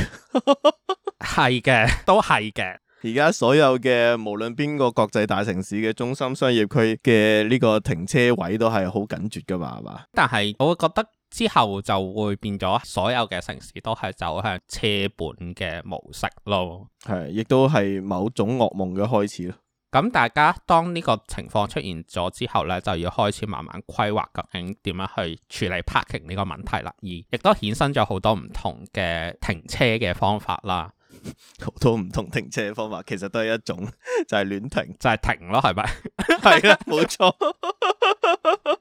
係嘅，都係嘅。而家所有嘅，無論邊個國際大城市嘅中心商業區嘅呢個停車位都係好緊絕噶嘛，係嘛？但係我會覺得之後就會變咗，所有嘅城市都係走向車本嘅模式咯。係，亦都係某種噩夢嘅開始咯。咁大家當呢個情況出現咗之後呢，就要開始慢慢規劃究竟點樣去處理 parking 呢個問題啦。而亦都衍生咗好多唔同嘅停車嘅方法啦。好多唔同停車嘅方法，其實都係一種，就係、是、亂停，就係停咯，係咪？係啦，冇錯。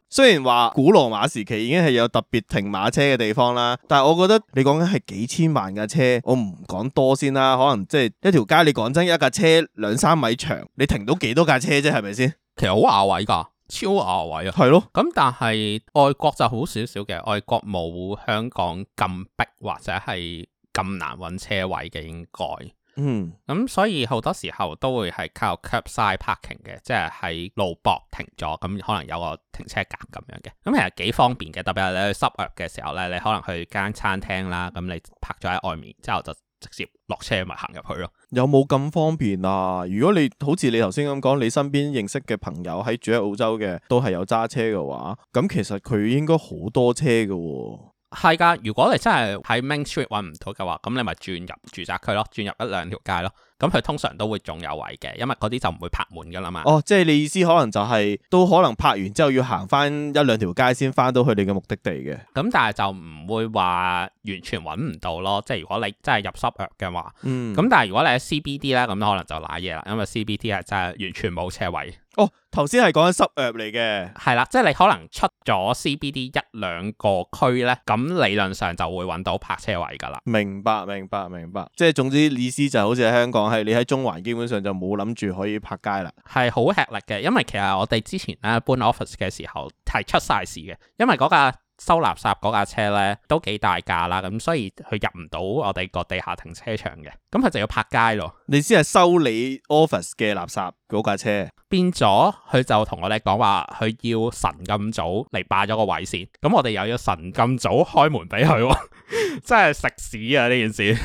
雖然話古羅馬時期已經係有特別停馬車嘅地方啦，但係我覺得你講緊係幾千萬架車，我唔講多先啦。可能即係一條街，你講真，一架車兩三米長，你停到幾多架車啫？係咪先？其實好牙位噶，超牙位啊！係咯的，咁但係外國就好少少嘅，外國冇香港咁逼或者係。咁難揾車位嘅，應該嗯咁，所以好多時候都會係靠 curb side parking 嘅，即係喺路泊停咗，咁可能有個停車格咁樣嘅，咁其實幾方便嘅。特別係你去濕約嘅時候咧，你可能去間餐廳啦，咁你泊咗喺外面，之後就直接落車咪行入去咯。有冇咁方便啊？如果你好似你頭先咁講，你身邊認識嘅朋友喺住喺澳洲嘅，都係有揸車嘅話，咁其實佢應該好多車嘅，哦。係噶，如果你真係喺 Main Street 揾唔到嘅話，咁你咪轉入住宅區咯，轉入一兩條街咯。咁佢通常都會仲有位嘅，因為嗰啲就唔會泊滿噶啦嘛。哦，即係你意思可能就係、是、都可能泊完之後要行翻一兩條街先翻到去你嘅目的地嘅。咁、嗯、但係就唔會話完全揾唔到咯。即係如果你真係入 suburb 嘅話，咁、嗯、但係如果你喺 CBD 呢，咁可能就瀨嘢啦，因為 CBD 係真係完全冇車位。哦，頭先係講緊 suburb 嚟嘅，係啦，即係你可能出咗 CBD 一兩個區呢，咁理論上就會揾到泊車位噶啦。明白，明白，明白。即係總之意思就好似喺香港。係你喺中環基本上就冇諗住可以泊街啦。係好吃力嘅，因為其實我哋之前咧搬 office 嘅時候係出晒事嘅，因為嗰架收垃圾嗰架車咧都幾大架啦，咁所以佢入唔到我哋個地下停車場嘅，咁佢就要泊街咯。你先係收你 office 嘅垃圾嗰架車，變咗佢就同我哋講話，佢要晨咁早嚟霸咗個位先，咁我哋又要晨咁早開門俾佢， 真係食屎啊！呢件事。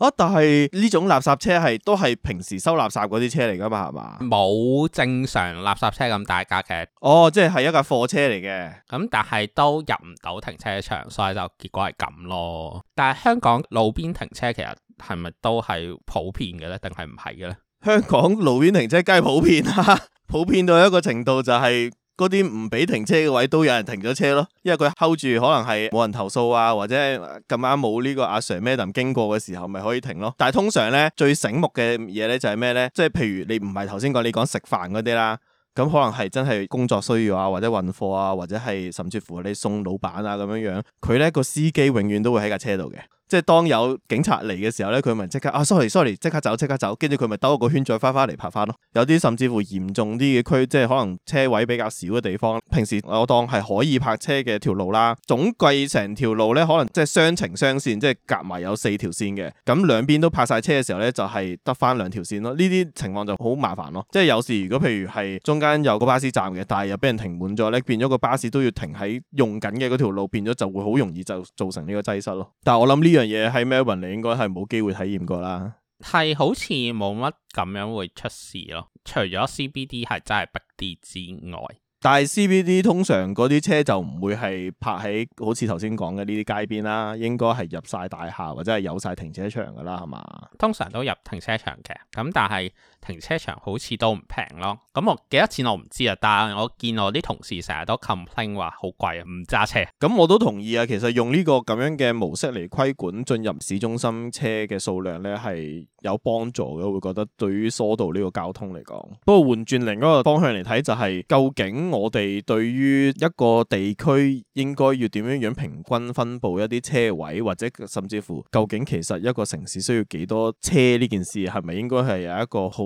啊！但係呢種垃圾車係都係平時收垃圾嗰啲車嚟噶嘛？係嘛？冇正常垃圾車咁大架嘅。哦，即係一架貨車嚟嘅。咁但係都入唔到停車場，所以就結果係咁咯。但係香港路邊停車其實係咪都係普遍嘅呢？定係唔係嘅呢？香港路邊停車梗係普遍啦，普遍到一個程度就係、係。嗰啲唔俾停車嘅位都有人停咗車咯，因為佢睺住可能係冇人投訴啊，或者咁啱冇呢個阿 sir、madam 經過嘅時候，咪可以停咯。但係通常咧，最醒目嘅嘢咧就係咩咧？即係譬如你唔係頭先講你講食飯嗰啲啦，咁可能係真係工作需要啊，或者運貨啊，或者係甚至乎你送老闆啊咁樣樣，佢咧個司機永遠都會喺架車度嘅。即係當有警察嚟嘅時候咧，佢咪即刻啊，sorry sorry，即刻走即刻走，跟住佢咪兜個圈再翻翻嚟泊返咯。有啲甚至乎嚴重啲嘅區，即係可能車位比較少嘅地方，平時我當係可以泊車嘅條路啦。總計成條路咧，可能即係雙程雙線，即係夾埋有四條線嘅，咁兩邊都泊晒車嘅時候咧，就係得翻兩條線咯。呢啲情況就好麻煩咯。即係有時如果譬如係中間有個巴士站嘅，但係又俾人停滿咗咧，變咗個巴士都要停喺用緊嘅嗰條路，變咗就會好容易就造成呢個擠塞咯。但係我諗呢樣，樣嘢喺 Melbourne，你應該係冇機會體驗過啦。係好似冇乜咁樣會出事咯，除咗 CBD 係真係逼啲之外，但係 CBD 通常嗰啲車就唔會係泊喺好似頭先講嘅呢啲街邊啦，應該係入晒大廈或者係有晒停車場噶啦，係嘛？通常都入停車場嘅，咁但係。停車場好似都唔平咯，咁我幾多錢我唔知啊，但我見我啲同事成日都 complain 話好貴啊，唔揸車。咁我都同意啊，其實用呢個咁樣嘅模式嚟規管進入市中心車嘅數量呢，係有幫助嘅，我會覺得對於疏導呢個交通嚟講。不過換轉另一個方向嚟睇就係，究竟我哋對於一個地區應該要點樣樣平均分布一啲車位，或者甚至乎究竟其實一個城市需要幾多車呢件事，係咪應該係有一個好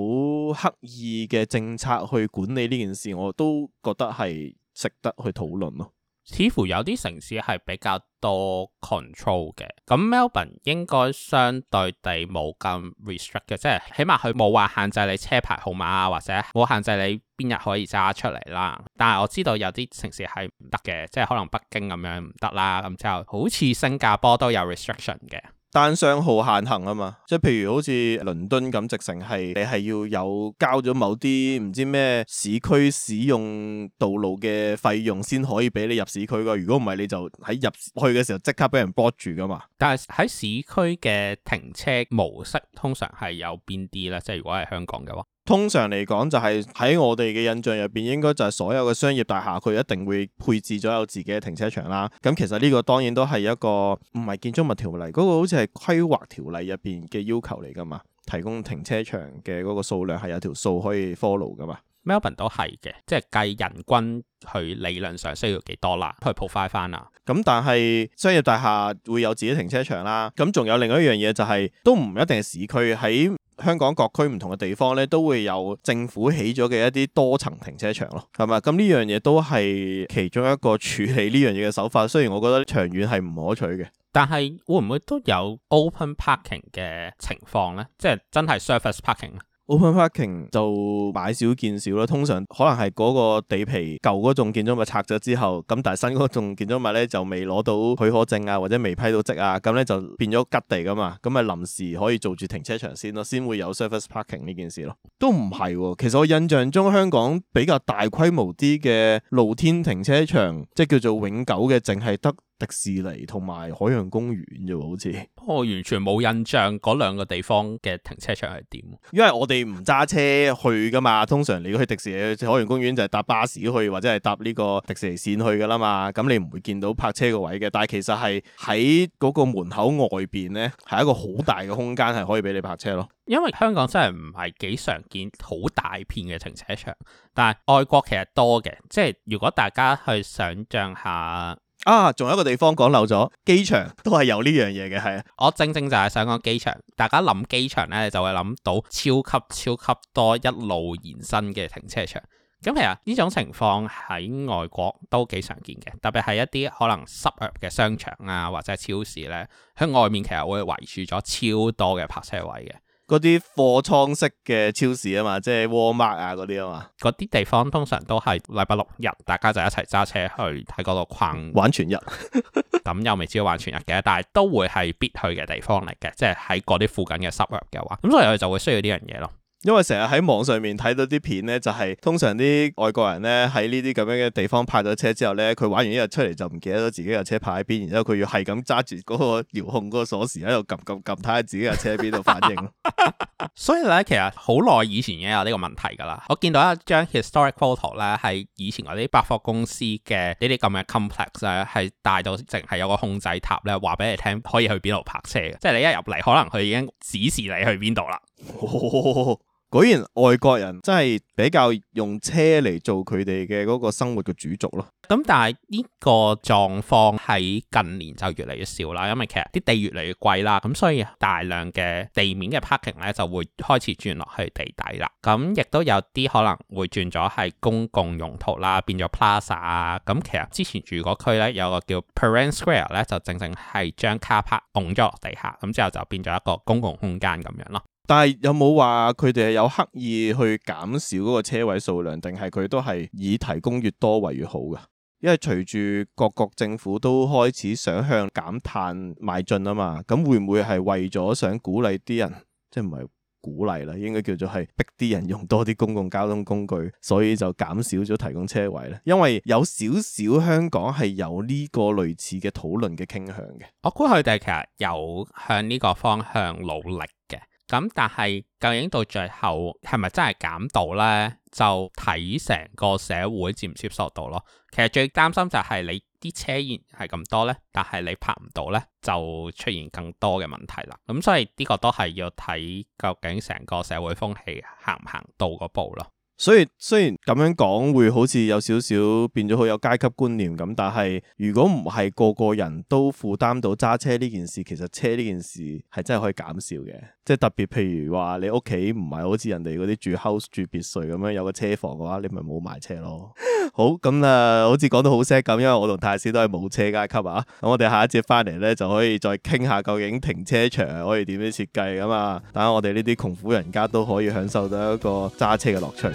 好刻意嘅政策去管理呢件事，我都覺得係值得去討論咯。似乎有啲城市係比較多 control 嘅，咁 Melbourne 應該相對地冇咁 restrict 嘅，即係起碼佢冇話限制你車牌號碼啊，或者冇限制你邊日可以揸出嚟啦。但係我知道有啲城市係唔得嘅，即係可能北京咁樣唔得啦。咁之後好似新加坡都有 restriction 嘅。單雙號限行啊嘛，即係譬如好似倫敦咁，直成係你係要有交咗某啲唔知咩市區使用道路嘅費用，先可以俾你入市區噶。如果唔係，你就喺入去嘅時候即刻俾人 block 住噶嘛。但係喺市區嘅停車模式通常係有邊啲咧？即係如果係香港嘅話。通常嚟講就係喺我哋嘅印象入邊，應該就係所有嘅商業大廈佢一定會配置咗有自己嘅停車場啦。咁其實呢個當然都係一個唔係建築物條例嗰、那個，好似係規劃條例入邊嘅要求嚟噶嘛。提供停車場嘅嗰個數量係有條數可以 follow 噶嘛。Melbourne 都係嘅，即係計人均佢理論上需要幾多啦，去 provide 翻啦。咁但係商業大廈會有自己停車場啦。咁仲有另外一樣嘢就係、是、都唔一定係市區喺，香港各區唔同嘅地方咧，都會有政府起咗嘅一啲多層停車場咯，係咪？咁呢樣嘢都係其中一個處理呢樣嘢嘅手法。雖然我覺得長遠係唔可取嘅，但係會唔會都有 open parking 嘅情況咧？即係真係 surface parking 啊？Open parking 就買少見少咯，通常可能係嗰個地皮舊嗰棟建築物拆咗之後，咁但係新嗰棟建築物咧就未攞到許可證啊，或者未批到則啊，咁咧就變咗吉地噶嘛，咁咪臨時可以做住停車場先咯，先會有 surface parking 呢件事咯，都唔係、哦，其實我印象中香港比較大規模啲嘅露天停車場，即係叫做永久嘅，淨係得。迪士尼同埋海洋公園啫，好似我完全冇印象嗰兩個地方嘅停車場係點，因為我哋唔揸車去噶嘛，通常你去迪士尼、海洋公園就係搭巴士去或者係搭呢個迪士尼線去噶啦嘛，咁你唔會見到泊車個位嘅，但係其實係喺嗰個門口外邊呢，係一個好大嘅空間，係可以俾你泊車咯。 因為香港真係唔係幾常見好大片嘅停車場，但係外國其實多嘅，即係如果大家去想象下。啊，仲有一個地方講漏咗，機場都係有呢樣嘢嘅。係啊，我正正就係想講機場，大家諗機場呢就會諗到超級超級多一路延伸嘅停車場，咁其實呢種情況喺外國都幾常見嘅，特別係一啲可能 suburb 嘅商場啊或者係超市呢，喺外面其實會圍住咗超多嘅泊車位嘅。嗰啲貨倉式嘅超市啊嘛，即係 r 麥啊嗰啲啊嘛，嗰啲地方通常都係禮拜六日，大家就一齊揸車去睇嗰度，逛玩全日，咁 又未至於玩全日嘅，但係都會係必去嘅地方嚟嘅，即係喺嗰啲附近嘅 suburb 嘅話，咁所以我哋就會需要呢人嘢咯。因為成日喺網上面睇到啲片咧，就係通常啲外國人咧喺呢啲咁樣嘅地方泊咗車之後咧，佢玩完一日出嚟就唔記得咗自己架車泊喺邊，然之後佢要係咁揸住嗰個遙控嗰個鎖匙喺度撳撳撳，睇下自己嘅車喺邊度反應。所以咧，其實好耐以前已經有呢個問題㗎啦。我見到一張 historic photo 咧，係以前嗰啲百貨公司嘅呢啲咁嘅 complex 咧，係大到淨係有個控制塔咧，話俾你聽可以去邊度泊車嘅，即係你一入嚟可能佢已經指示你去邊度啦。果然外國人真係比較用車嚟做佢哋嘅嗰個生活嘅主軸咯。咁但係呢個狀況喺近年就越嚟越少啦，因為其實啲地越嚟越貴啦，咁所以大量嘅地面嘅 parking 咧就會開始轉落去地底啦。咁亦都有啲可能會轉咗係公共用途啦，變咗 plaza 啊。咁其實之前住嗰區咧有個叫 Peran Square 咧，就正正係將 car park 拱咗落地下，咁之後就變咗一個公共空間咁樣咯。但係有冇話佢哋係有刻意去減少嗰個車位數量，定係佢都係以提供越多為越好噶？因為隨住各國政府都開始想向減碳邁進啊嘛，咁會唔會係為咗想鼓勵啲人，即係唔係鼓勵啦，應該叫做係逼啲人用多啲公共交通工具，所以就減少咗提供車位呢？因為有少少香港係有呢個類似嘅討論嘅傾向嘅，我估佢哋其實有向呢個方向努力。咁但係究竟到最後係咪真係減到呢？就睇成個社會接唔接受到咯。其實最擔心就係你啲車現係咁多呢，但係你泊唔到呢，就出現更多嘅問題啦。咁所以呢個都係要睇究竟成個社會風氣行唔行到嗰步咯。所以雖然咁樣講會好似有少少變咗好有階級觀念咁，但係如果唔係個個人都負擔到揸車呢件事，其實車呢件事係真係可以減少嘅。即係特別譬如話你屋企唔係好似人哋嗰啲住 house 住別墅咁樣有個車房嘅話，你咪冇買車咯。 好咁啊，好似講到好 sad 咁，因為我同太師都係冇車階級啊。咁我哋下一節翻嚟咧就可以再傾下究竟停車場可以點樣設計咁嘛。等、啊、我哋呢啲窮苦人家都可以享受到一個揸車嘅樂趣。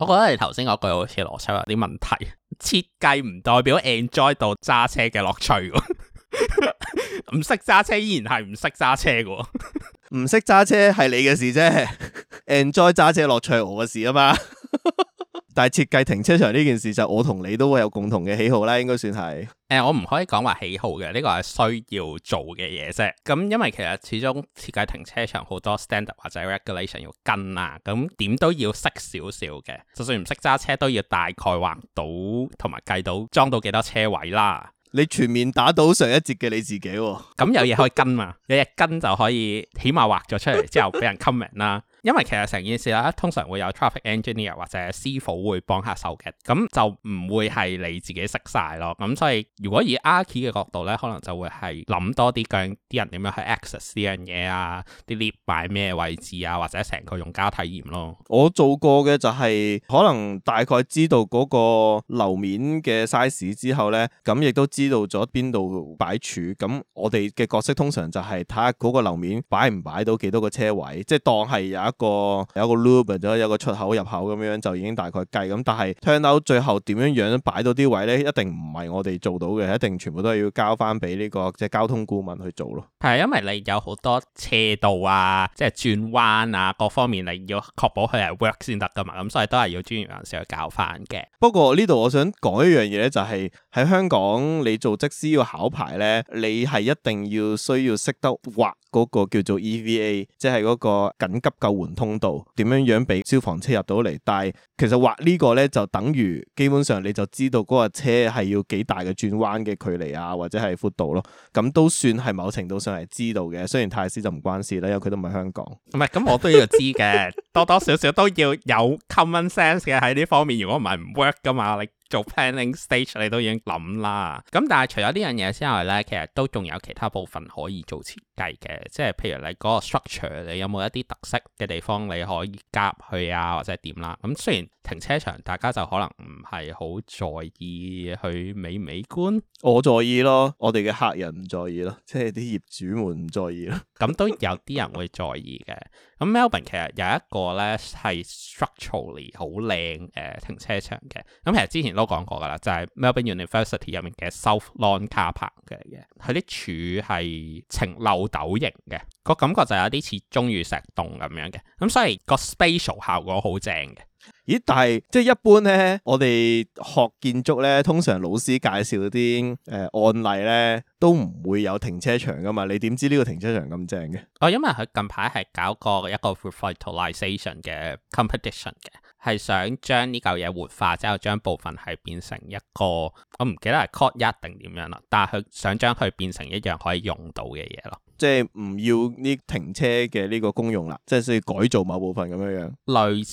我覺得你頭先嗰句好似邏輯有啲問題，設計唔代表 enjoy 到揸車嘅樂趣喎，唔識揸車依然係唔識揸車嘅，唔識揸車係你嘅事啫，enjoy 揸車樂趣係我嘅事啊嘛。 但係設計停車場呢件事就我同你都會有共同嘅喜好啦，應該算係。誒、欸，我唔可以講話喜好嘅，呢個係需要做嘅嘢啫。咁因為其實始終設計停車場好多 standard 或者 regulation 要跟啊，咁點都要識少少嘅。就算唔識揸車，都要大概畫到同埋計到裝到幾多車位啦。你全面打到上一節嘅你自己、啊，咁有嘢可以跟嘛、啊？你一跟就可以、啊，可以起碼畫咗出嚟之後俾人 comment 啦。 因為其實成件事啦，通常會有 traffic engineer 或者師傅會幫下手嘅，咁就唔會係你自己識晒咯。咁所以如果以 Archie 嘅角度咧，可能就會係諗多啲嘅啲人點樣去 access 呢樣嘢啊，啲 lift 擺咩位置啊，或者成個用家體驗咯。我做過嘅就係、是、可能大概知道嗰個樓面嘅 size 之後咧，咁亦都知道咗邊度擺柱。咁我哋嘅角色通常就係睇下嗰個樓面擺唔擺到幾多個車位，即係當係有。一個有個 loop 或者有個出口入口咁樣就已經大概計咁，但係 turn out 最後點樣樣擺到啲位咧，一定唔係我哋做到嘅，一定全部都要交翻俾呢個即係交通顧問去做咯。係啊，因為你有好多車道啊，即係轉彎啊，各方面你要確保佢係 work 先得噶嘛，咁所以都係要專業人士去教翻嘅。不過呢度我想講一樣嘢咧，就係喺香港你做則師要考牌咧，你係一定要需要識得畫。嗰個叫做 EVA，即係嗰個緊急救援通道，點樣樣俾消防車入到嚟？但係其實畫呢個咧，就等於基本上你就知道嗰個車係要幾大嘅轉彎嘅距離啊，或者係闊度咯，咁都算係某程度上係知道嘅。雖然泰斯就唔關事啦，因為佢都唔係香港。唔係咁，我都要知嘅，多多少少都要有 common sense 嘅喺呢方面。如果唔係唔 work 噶嘛，你。做 planning stage 你都已經諗啦，咁但係除咗呢樣嘢之外呢，其實都仲有其他部分可以做設計嘅，即係譬如你嗰個 structure 你有冇一啲特色嘅地方你可以夾去啊，或者點啦，咁雖然停車場大家就可能唔係好在意去美唔美觀，我在意咯，我哋嘅客人唔在意咯，即係啲業主們唔在意咯。咁都有啲人會在意嘅。咁 Melbourne 其實有一個咧係 structurally 好靚嘅停車場嘅。咁其實之前都講過㗎啦，就係、是、Melbourne University 入面嘅 South Lawn Carpark 嚟嘅。佢啲柱係呈漏斗形嘅，個感覺就有啲似鐘乳石洞咁樣嘅。咁所以個 spatial 效果好正嘅。咦，但係即係一般咧，我哋學建築咧，通常老師介紹啲誒、呃、案例咧，都唔會有停車場噶嘛？你點知呢個停車場咁正嘅？我、哦、因為佢近排係搞過一個 revitalization 嘅 competition 嘅，係想將呢嚿嘢活化，之後將部分係變成一個我唔記得係 code 一定點樣啦，但係佢想將佢變成一樣可以用到嘅嘢咯。即係唔要呢停車嘅呢個功用啦，即係需要改造某部分咁樣樣類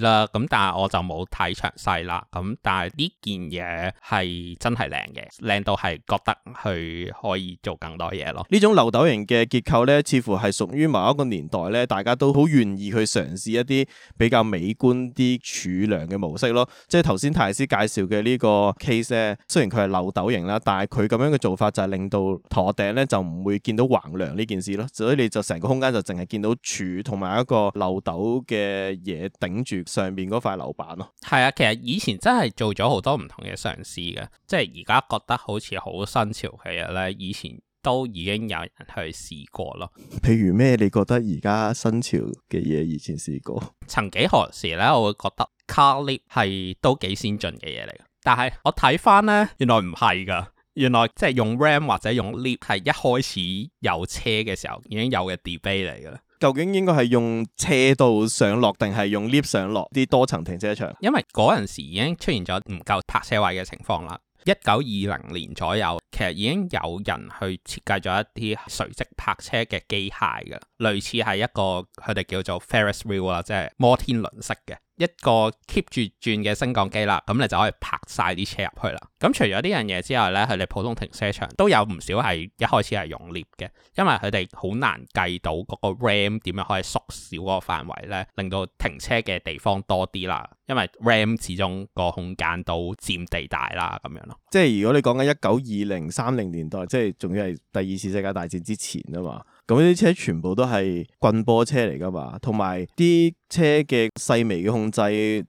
似啦，咁但係我就冇太詳細啦。咁但係呢件嘢係真係靚嘅，靚到係覺得佢可以做更多嘢咯。呢種漏斗型嘅結構咧，似乎係屬於某一個年代咧，大家都好願意去嘗試一啲比較美觀啲柱梁嘅模式咯。即係頭先泰師介紹嘅呢個 case 咧，雖然佢係漏斗型啦，但係佢咁樣嘅做法就係令到台頂咧就唔會見到橫梁。呢件事咯，所以你就成個空間就淨係見到柱同埋一個漏斗嘅嘢頂住上面嗰塊樓板咯。係啊，其實以前真係做咗好多唔同嘅嘗試嘅，即係而家覺得好似好新潮嘅嘢咧，以前都已經有人去試過咯。譬如咩？你覺得而家新潮嘅嘢以前試過？曾幾何時咧，我會覺得 car lift 係都幾先進嘅嘢嚟嘅，但係我睇翻咧，原來唔係噶。原來即係用 ram 或者用 lift 係一開始有車嘅時候已經有嘅 debate 嚟嘅啦。究竟應該係用車道上落定係用 lift 上落啲多層停車場？因為嗰陣時已經出現咗唔夠泊車位嘅情況啦。一九二零年左右，其實已經有人去設計咗一啲垂直泊車嘅機械嘅，類似係一個佢哋叫做 ferris wheel 啊，即係摩天輪式嘅。一個 keep 住轉嘅升降機啦，咁你就可以泊晒啲車入去啦。咁除咗呢樣嘢之外呢，佢哋普通停車場都有唔少係一開始係用 lift 嘅，因為佢哋好難計到嗰個 RAM 點樣可以縮小嗰個範圍呢，令到停車嘅地方多啲啦。因為 RAM 始終個空間都佔地大啦，咁樣咯。即係如果你講緊一九二零三零年代，即係仲要係第二次世界大戰之前啊嘛。咁啲車全部都係棍波車嚟噶嘛，同埋啲車嘅細微嘅控制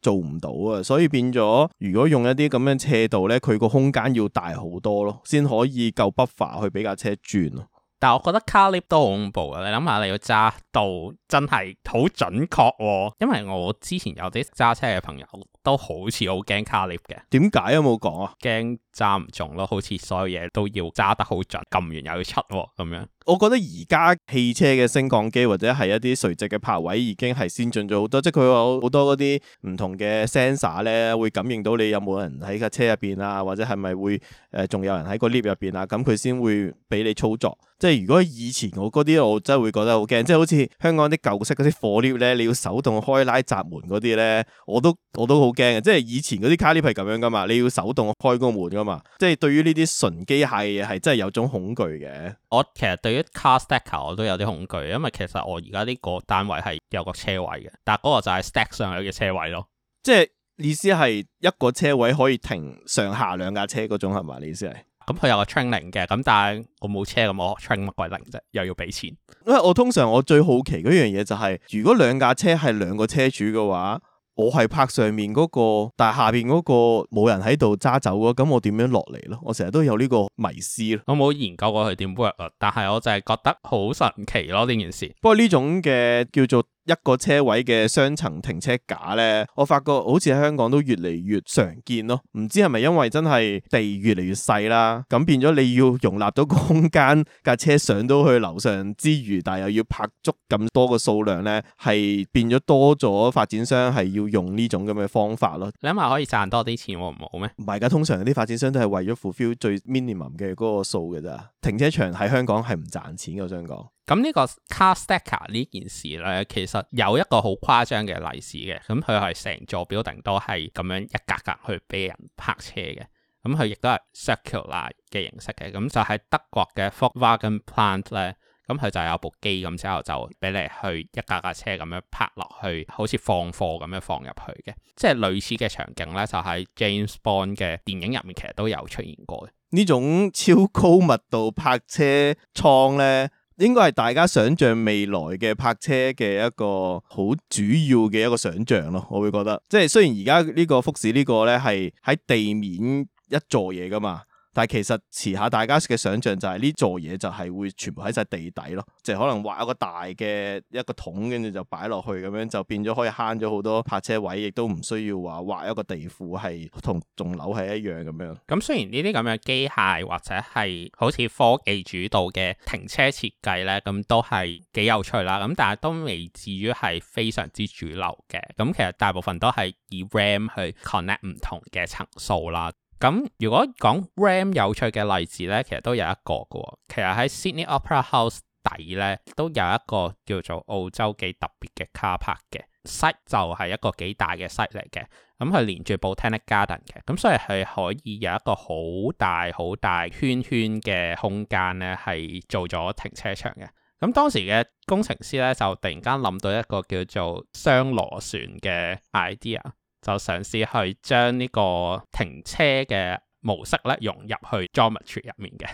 做唔到啊，所以變咗如果用一啲咁樣斜度咧，佢個空間要大好多咯，先可以夠 buffer 去俾架車轉咯。但係我覺得 car lift 都好恐怖啊！你諗下，你要揸到真係好準確，哦，因為我之前有啲揸車嘅朋友。都好似好驚卡 lift 嘅，點解有冇講啊？驚揸唔中咯，好似所有嘢都要揸得好準，撳完又要出喎咁樣。我覺得而家汽車嘅升降機或者係一啲垂直嘅泊位已經係先進咗好多，即係佢有好多嗰啲唔同嘅 sensor 咧，會感應到你有冇人喺架車入邊啊，或者係咪會誒仲、呃、有人喺個 lift 入邊啊？咁佢先會俾你操作。即係如果以前我嗰啲，我真係會覺得好驚，即係好似香港啲舊式嗰啲火 lift 咧，你要手動開拉閘門嗰啲咧，我都我都好。驚即係以前嗰啲 car lift 係咁樣噶嘛，你要手動開個門噶嘛，即係對於呢啲純機械嘅嘢係真係有種恐懼嘅。我其實對於 car stacker 我都有啲恐懼，因為其實我而家呢個單位係有個車位嘅，但係嗰個就係 stack 上嚟嘅車位咯。即係意思係一個車位可以停上下兩架車嗰種係嘛？意思係？咁佢有個 training 嘅，咁但係我冇車，咁我 train 乜鬼零啫，又要俾錢。因為我通常我最好奇嗰樣嘢就係、是、如果兩架車係兩個車主嘅話。我係拍上面嗰個，但係下邊嗰個冇人喺度揸走咯，咁我點樣落嚟咯？我成日都有呢個迷思咯。我冇研究過佢點 work 啊，但係我就係覺得好神奇咯呢件事。不過呢種嘅叫做。一個車位嘅雙層停車架咧，我發覺好似喺香港都越嚟越常見咯。唔知係咪因為真係地越嚟越細啦？咁變咗你要容納到空間，架車上到去樓上之餘，但係又要泊足咁多嘅數量咧，係變咗多咗發展商係要用呢種咁嘅方法咯。你諗下可以賺多啲錢，哦，我唔好咩？唔係，而家通常啲發展商都係為咗 fulfill 最 minimum 嘅嗰個數嘅咋。停車場喺香港係唔賺錢嘅，我想講。咁呢個 car stacker 呢件事呢，其實有一個好誇張嘅例子嘅。咁佢係成座表頂都係咁樣一格格去俾人泊車嘅。咁佢亦都係 circular 嘅形式嘅。咁、嗯、就喺德國嘅 Volkswagen Plant 呢，咁、嗯、佢就有部機咁之後就俾你去一架架車咁樣泊落去，好似放貨咁樣放入去嘅。即係類似嘅場景呢，就喺 James Bond 嘅電影入面，其實都有出現過，呢種超高密度泊車倉呢。應該係大家想象未來嘅泊車嘅一個好主要嘅一個想象咯，我會覺得，即係雖然而家呢個福士呢個咧係喺地面一座嘢噶嘛。但係其實遲下大家嘅想像就係呢座嘢就係會全部喺晒地底咯，即係可能挖一個大嘅一個桶，跟住就擺落去咁樣，就變咗可以慳咗好多泊車位，亦都唔需要話挖一個地庫係同棟樓係一樣咁樣。咁雖然呢啲咁樣機械或者係好似科技主導嘅停車設計咧，咁都係幾有趣啦。咁但係都未至於係非常之主流嘅。咁其實大部分都係以 RAM 去 connect 唔同嘅層數啦。咁如果講 RAM 有趣嘅例子呢，其實都有一個嘅。其實喺 Sydney Opera House 底呢，都有一個叫做澳洲幾特別嘅 car park 嘅 site 就係一個幾大嘅 site 嚟嘅。咁佢連住 Botanic Garden 嘅，咁所以係可以有一個好大好大圈圈嘅空間呢，係做咗停車場嘅。咁當時嘅工程師呢，就突然間諗到一個叫做雙螺旋嘅 idea。就嘗試去將呢個停車嘅模式咧融入去 Geometry 入面嘅，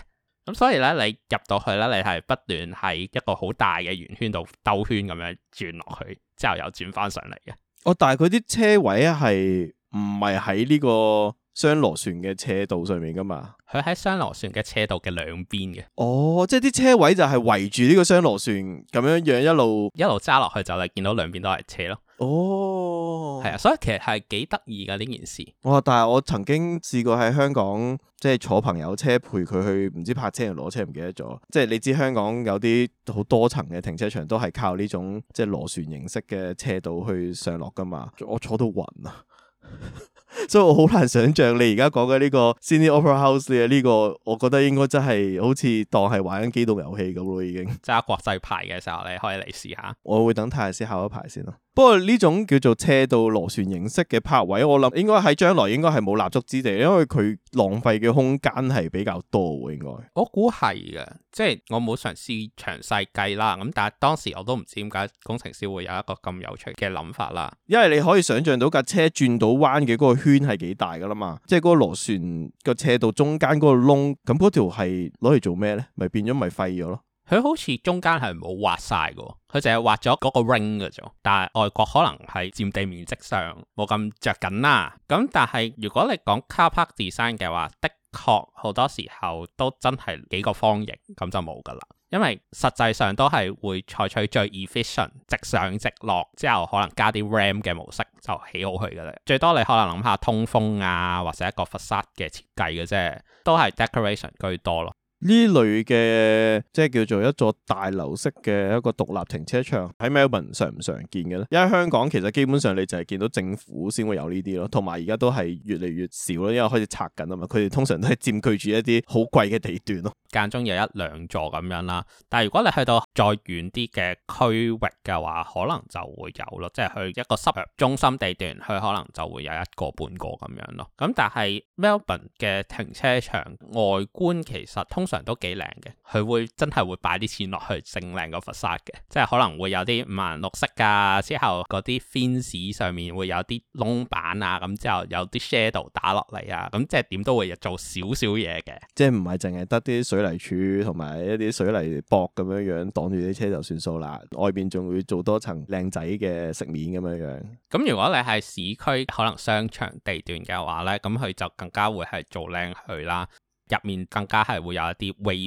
咁所以咧你入到去咧，你係不斷喺一個好大嘅圓圈度兜圈咁樣轉落去，之後又轉翻上嚟嘅。哦，但係佢啲車位係唔係喺呢個雙螺旋嘅車道上面㗎嘛？佢喺雙螺旋嘅車道嘅兩邊嘅。哦，即係啲車位就係圍住呢個雙螺旋咁樣樣一路一路揸落去，就係見到兩邊都係車咯。哦。係啊，所以其實係幾得意噶呢件事。哇！但係我曾經試過喺香港即係坐朋友車陪佢去唔知泊車定攞車唔記得咗。即係你知香港有啲好多層嘅停車場都係靠呢種即係螺旋形式嘅車道去上落噶嘛。我坐到暈啊！ 所以我好難想象你而家講嘅呢個 City Opera House 嘅呢個，我覺得應該真係好似當係玩緊機動遊戲咁咯，已經。揸國際牌嘅時候你可以嚟試下。我會等太先，考一排先咯。不過呢種叫做車道螺旋形式嘅泊位，我諗應該喺將來應該係冇立足之地，因為佢浪費嘅空間係比較多。應該我估係嘅，即係我冇嘗試詳細計啦。咁但係當時我都唔知點解工程師會有一個咁有趣嘅諗法啦。因為你可以想象到架車轉到彎嘅嗰個。圈係幾大噶啦嘛，即係嗰個螺旋個斜度中間嗰個窿，咁嗰條係攞嚟做咩咧？咪變咗咪廢咗咯？佢好似中間係冇畫晒噶，佢淨係畫咗嗰個 ring 噶啫。但係外國可能係佔地面積上冇咁着緊啦。咁但係如果你講 car park design 嘅話，的確好多時候都真係幾個方形咁就冇噶啦。因為實際上都係會採取最 efficient，直上直落之後可能加啲 ramp 嘅模式就起好佢嘅啦。最多你可能諗下通風啊，或者一個 Facade 嘅設計嘅啫，都係 decoration 居多咯。呢類嘅即係叫做一座大樓式嘅一個獨立停車場，喺 Melbourne 常唔常見嘅咧？因為香港其實基本上你就係見到政府先會有呢啲咯，同埋而家都係越嚟越少咯，因為開始拆緊啊嘛。佢哋通常都係佔據住一啲好貴嘅地段咯。間中有一兩座咁樣啦，但係如果你去到再遠啲嘅區域嘅話，可能就會有咯，即係去一個濕入中心地段，佢可能就會有一個半個咁樣咯。咁但係 Melbourne 嘅停車場外觀其實通常都幾靚嘅，佢會真係會擺啲錢落去整靚個 Facade 嘅，即係可能會有啲五顏六色㗎，之後嗰啲 fence 上面會有啲窿板啊，咁之後有啲 shadow 打落嚟啊，咁即係點都會做少少嘢嘅，即係唔係淨係得啲水水泥柱同埋一啲水泥薄咁樣樣擋住啲車就算數啦，外面仲會做多層靚仔嘅飾面咁樣樣。咁如果你係市區，可能商場地段嘅話咧，咁佢就更加會係做靚佢啦。入面更加係會有一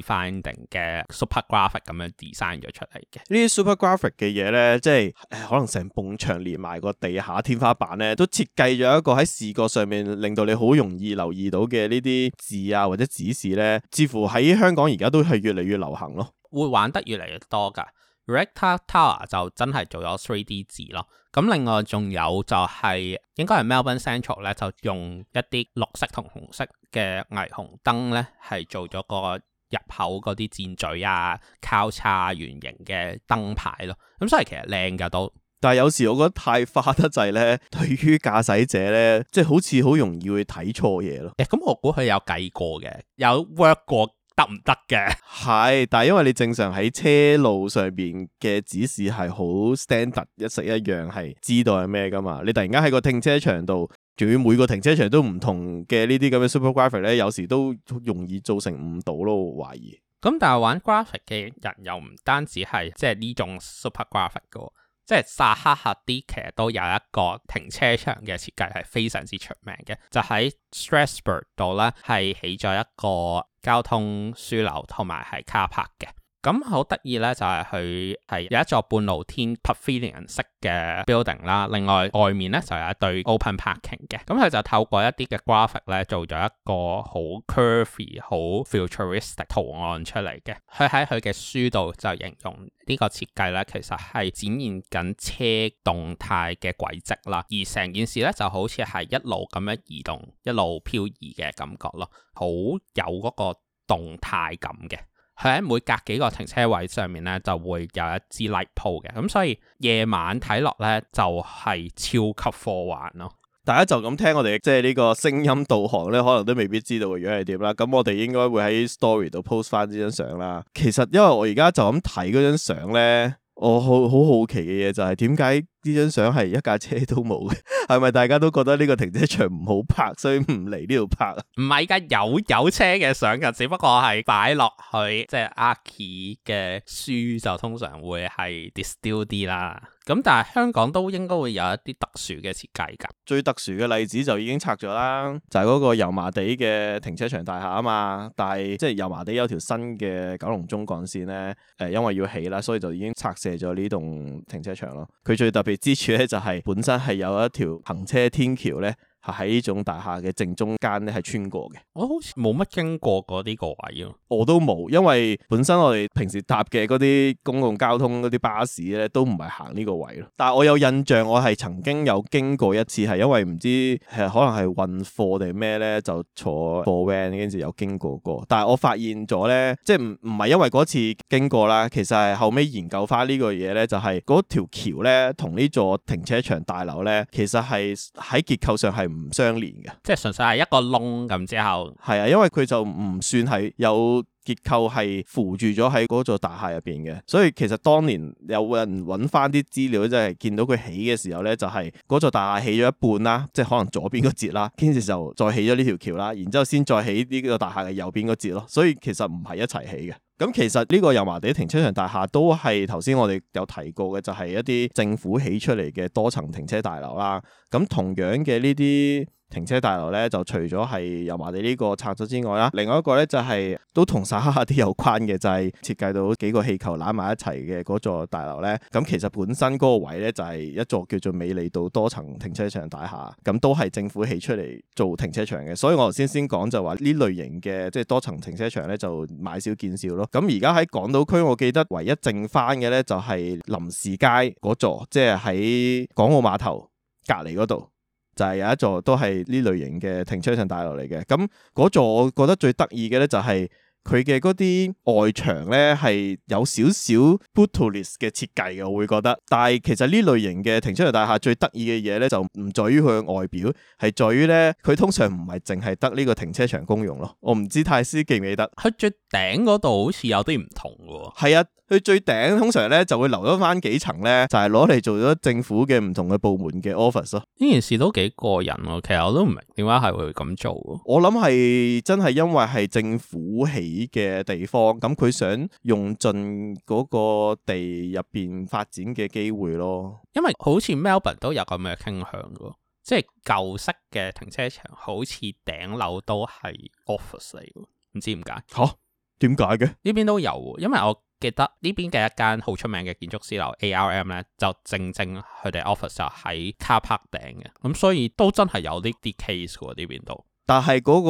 啲 wayfinding 嘅 super graphic 咁樣 design 咗出嚟嘅，呢啲 super graphic 嘅嘢咧，即係誒可能成埲牆連埋個地下天花板咧，都設計咗一個喺視覺上面令到你好容易留意到嘅呢啲字啊或者指示咧，似乎喺香港而家都係越嚟越流行咯，會玩得越嚟越多㗎。Reptar Tower 就真係做咗 3D 字咯，咁另外仲有就係應該係 Melbourne Central 咧，就用一啲綠色同紅色嘅霓虹燈咧，係做咗個入口嗰啲箭嘴啊、交叉圓、啊、形嘅燈牌咯。咁所以其實靚噶都，但係有時我覺得太花得滯咧，對於駕駛者咧，即、就、係、是、好似好容易會睇錯嘢咯。咁、嗯、我估係有計過嘅，有 work 過。得唔得嘅？係，但係因為你正常喺車路上邊嘅指示係好 standard，一式一樣，係知道係咩噶嘛。你突然間喺個停車場度，仲要每個停車場都唔同嘅，呢啲咁嘅 super graphic 咧，有時都容易造成誤導咯。懷疑。咁、嗯、但係玩 graphic 嘅人又唔單止係即係呢種 super graphic 噶，即係 Zaha Hadid 其實都有一個停車場嘅設計係非常之出名嘅，就喺 Strasbourg 度咧，係起咗一個。交通樞紐同埋係卡拍嘅。咁好得意咧，就係佢係有一座半露天 pavilion 式嘅 building 啦。另外外面咧就有一對 open parking 嘅。咁佢就透過一啲嘅 graphic 咧做咗一個好 curvy、好 futuristic 圖案出嚟嘅。佢喺佢嘅書度就形容呢個設計咧，其實係展現緊車動態嘅軌跡啦。而成件事咧就好似係一路咁樣移動、一路漂移嘅感覺咯，好有嗰個動態感嘅。喺每隔幾個停車位上面咧，就會有一支 light pole 嘅，咁所以夜晚睇落咧就係、是、超級科幻咯。大家就咁聽我哋即係呢個聲音導航咧，可能都未必知道個樣係點啦。咁我哋應該會喺 story 度 post 返呢張相啦。其實因為我而家就咁睇嗰張相咧。我、哦、好好好奇嘅嘢就係點解呢張相係一架車都冇嘅？係 咪大家都覺得呢個停車場唔好拍，所以唔嚟呢度拍？唔係，依家有有車嘅相㗎，只不過係擺落去即係阿 Key 嘅書就通常會係 distill 啲啦。咁但係香港都應該會有一啲特殊嘅設計噶，最特殊嘅例子就已經拆咗啦，就係、是、嗰個油麻地嘅停車場大廈啊嘛，但係即係油麻地有條新嘅九龍中幹線咧，誒、呃，因為要起啦，所以就已經拆卸咗呢棟停車場咯。佢最特別之處咧，就係本身係有一條行車天橋咧。係喺呢種大廈嘅正中間咧，係穿過嘅。我好似冇乜經過嗰啲個位啊，我都冇，因為本身我哋平時搭嘅嗰啲公共交通嗰啲巴士咧，都唔係行呢個位咯。但係我有印象，我係曾經有經過一次，係因為唔知係可能係運貨定咩咧，就坐貨 van 嗰陣時有經過過。但係我發現咗咧，即係唔唔係因為嗰次經過啦，其實係後尾研究翻呢個嘢咧，就係嗰條橋咧同呢座停車場大樓咧，其實係喺結構上係。唔相連嘅，即係純粹係一個窿咁之後，係啊，因為佢就唔算係有。結構係扶住咗喺嗰座大廈入邊嘅，所以其實當年有人揾翻啲資料，即係見到佢起嘅時候咧，就係嗰座大廈起咗一半啦，即係可能左邊嗰節啦，跟住就再起咗呢條橋啦，然之後先再起呢個大廈嘅右邊嗰節咯，所以其實唔係一齊起嘅。咁其實呢個油麻地停車場大廈都係頭先我哋有提過嘅，就係一啲政府起出嚟嘅多層停車大樓啦。咁同樣嘅呢啲。停車大樓咧，就除咗係油麻地呢個拆咗之外啦，另外一個咧就係都同撒哈啲有關嘅，就係設計到幾個氣球攬埋一齊嘅嗰座大樓咧。咁其實本身嗰個位咧就係一座叫做美利道多層停車場大廈，咁都係政府起出嚟做停車場嘅。所以我頭先先講就話呢類型嘅即係多層停車場咧，就買少見少咯。咁而家喺港島區，我記得唯一剩翻嘅咧就係林士街嗰座，即係喺港澳碼頭隔離嗰度。就係有一座都係呢類型嘅停車場大樓嚟嘅，咁嗰座我覺得最得意嘅咧就係、是。佢嘅嗰啲外牆咧係有少少 brutalist 嘅設計嘅，我會覺得。但係其實呢類型嘅停車場大廈最得意嘅嘢咧就唔在於佢嘅外表，係在於咧佢通常唔係淨係得呢個停車場公用咯。我唔知太斯記唔記得。佢最頂嗰度好似有啲唔同喎。係啊，佢最頂通常咧就會留咗翻幾層咧，就係攞嚟做咗政府嘅唔同嘅部門嘅 office 咯。呢件事都幾過癮喎、啊，其實我都唔明點解係會咁做。我諗係真係因為係政府起嘅地方，咁佢想用盡嗰個地入邊發展嘅機會咯。因為好似 Melbourne 都有咁嘅傾向咯，即係舊式嘅停車場，好似頂樓都係 office 嚟，唔知點解嚇？點解嘅呢邊都有？因為我記得呢邊嘅一間好出名嘅建築師樓 ARM 咧，AR M，就正正佢哋 office 就喺 car park 頂嘅，咁所以都真係有呢啲 case 嘅喎，呢邊都。但係嗰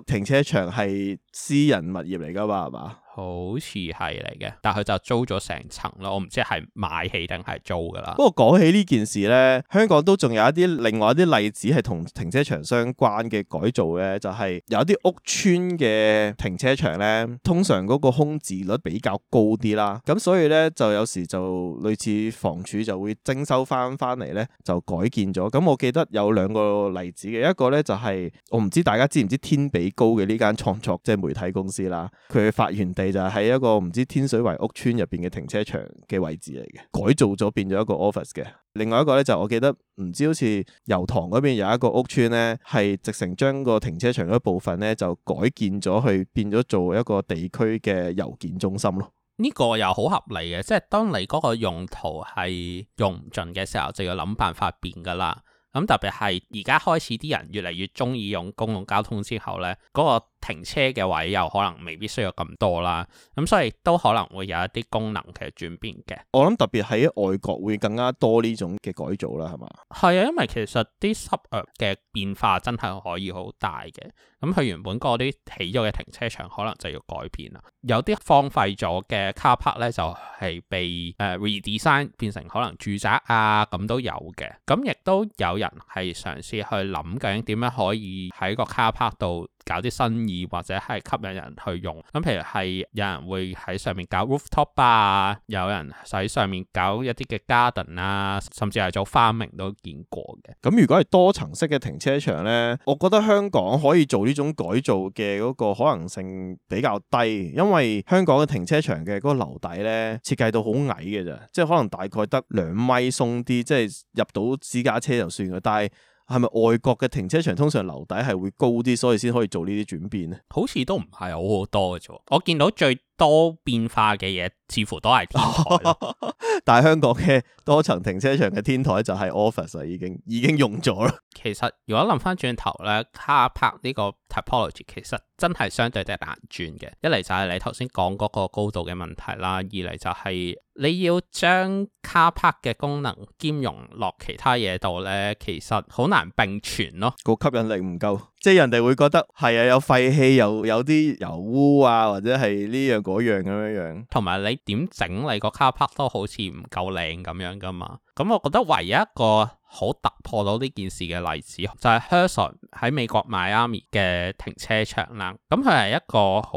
個停車場係私人物業嚟㗎嘛，係嘛？好似係嚟嘅，但佢就租咗成層咯，我唔知係買起定係租噶啦。不過講起呢件事咧，香港都仲有一啲另外一啲例子係同停車場相關嘅改造咧，就係有啲屋邨嘅停車場咧，通常嗰個空置率比較高啲啦，咁所以咧就有時就類似房署就會徵收翻翻嚟咧就改建咗。咁我記得有兩個例子嘅，一個咧就係我唔知大家知唔知天比高嘅呢間創作即係媒體公司啦，佢嘅發源地。係就喺一個唔知天水圍屋村入邊嘅停車場嘅位置嚟嘅，改造咗變咗一個 office 嘅。另外一個咧就我記得唔知好似油塘嗰邊有一個屋村咧，係直成將個停車場一部分咧就改建咗去變咗做一個地區嘅郵件中心咯。呢個又好合理嘅，即係當你嗰個用途係用唔盡嘅時候，就要諗辦法變噶啦。咁、嗯、特別係而家開始啲人越嚟越中意用公共交通之後咧，嗰個。停車嘅位又可能未必需要咁多啦，咁所以都可能會有一啲功能嘅轉變嘅。我諗特別喺外國會更加多呢種嘅改造啦，係嘛？係啊，因為其實啲 suburb 嘅變化真係可以好大嘅。咁佢原本嗰啲起咗嘅停車場可能就要改變啦。有啲荒廢咗嘅 car park 咧就係、是、被誒、呃、redesign 變成可能住宅啊，咁都有嘅。咁亦都有人係嘗試去諗緊點樣可以喺個 car park 度。搞啲新意或者係吸引人去用，咁譬如係有人會喺上面搞 rooftop 啊，有人喺上面搞一啲嘅 garden 啊，甚至係做 farming 都見過嘅。咁如果係多層式嘅停車場呢，我覺得香港可以做呢種改造嘅嗰個可能性比較低，因為香港嘅停車場嘅嗰個樓底呢，設計到好矮嘅咋，即係可能大概得兩米鬆啲，即係入到私家車就算嘅，但係。係咪外國嘅停車場通常樓底係會高啲，所以先可以做呢啲轉變咧？好似都唔係好好多嘅啫。我見到最。多變化嘅嘢似乎都係天台，但係 香港嘅多層停車場嘅天台就係 office 啦，已經已經用咗啦。其實如果諗翻轉頭咧，car park 呢個 typology 其實真係相對地難轉嘅。一嚟就係你頭先講嗰個高度嘅問題啦，二嚟就係你要將 car park 嘅功能兼容落其他嘢度咧，其實好難並存咯。個吸引力唔夠。即係人哋會覺得係啊，有廢氣，又有啲油污啊，或者係呢樣嗰樣咁樣樣。同埋你點整你個 car park 都好似唔夠靚咁樣噶嘛。咁我覺得唯一一個好突破到呢件事嘅例子就係、是、Herschel 喺美國邁阿密嘅停車場啦。咁佢係一個好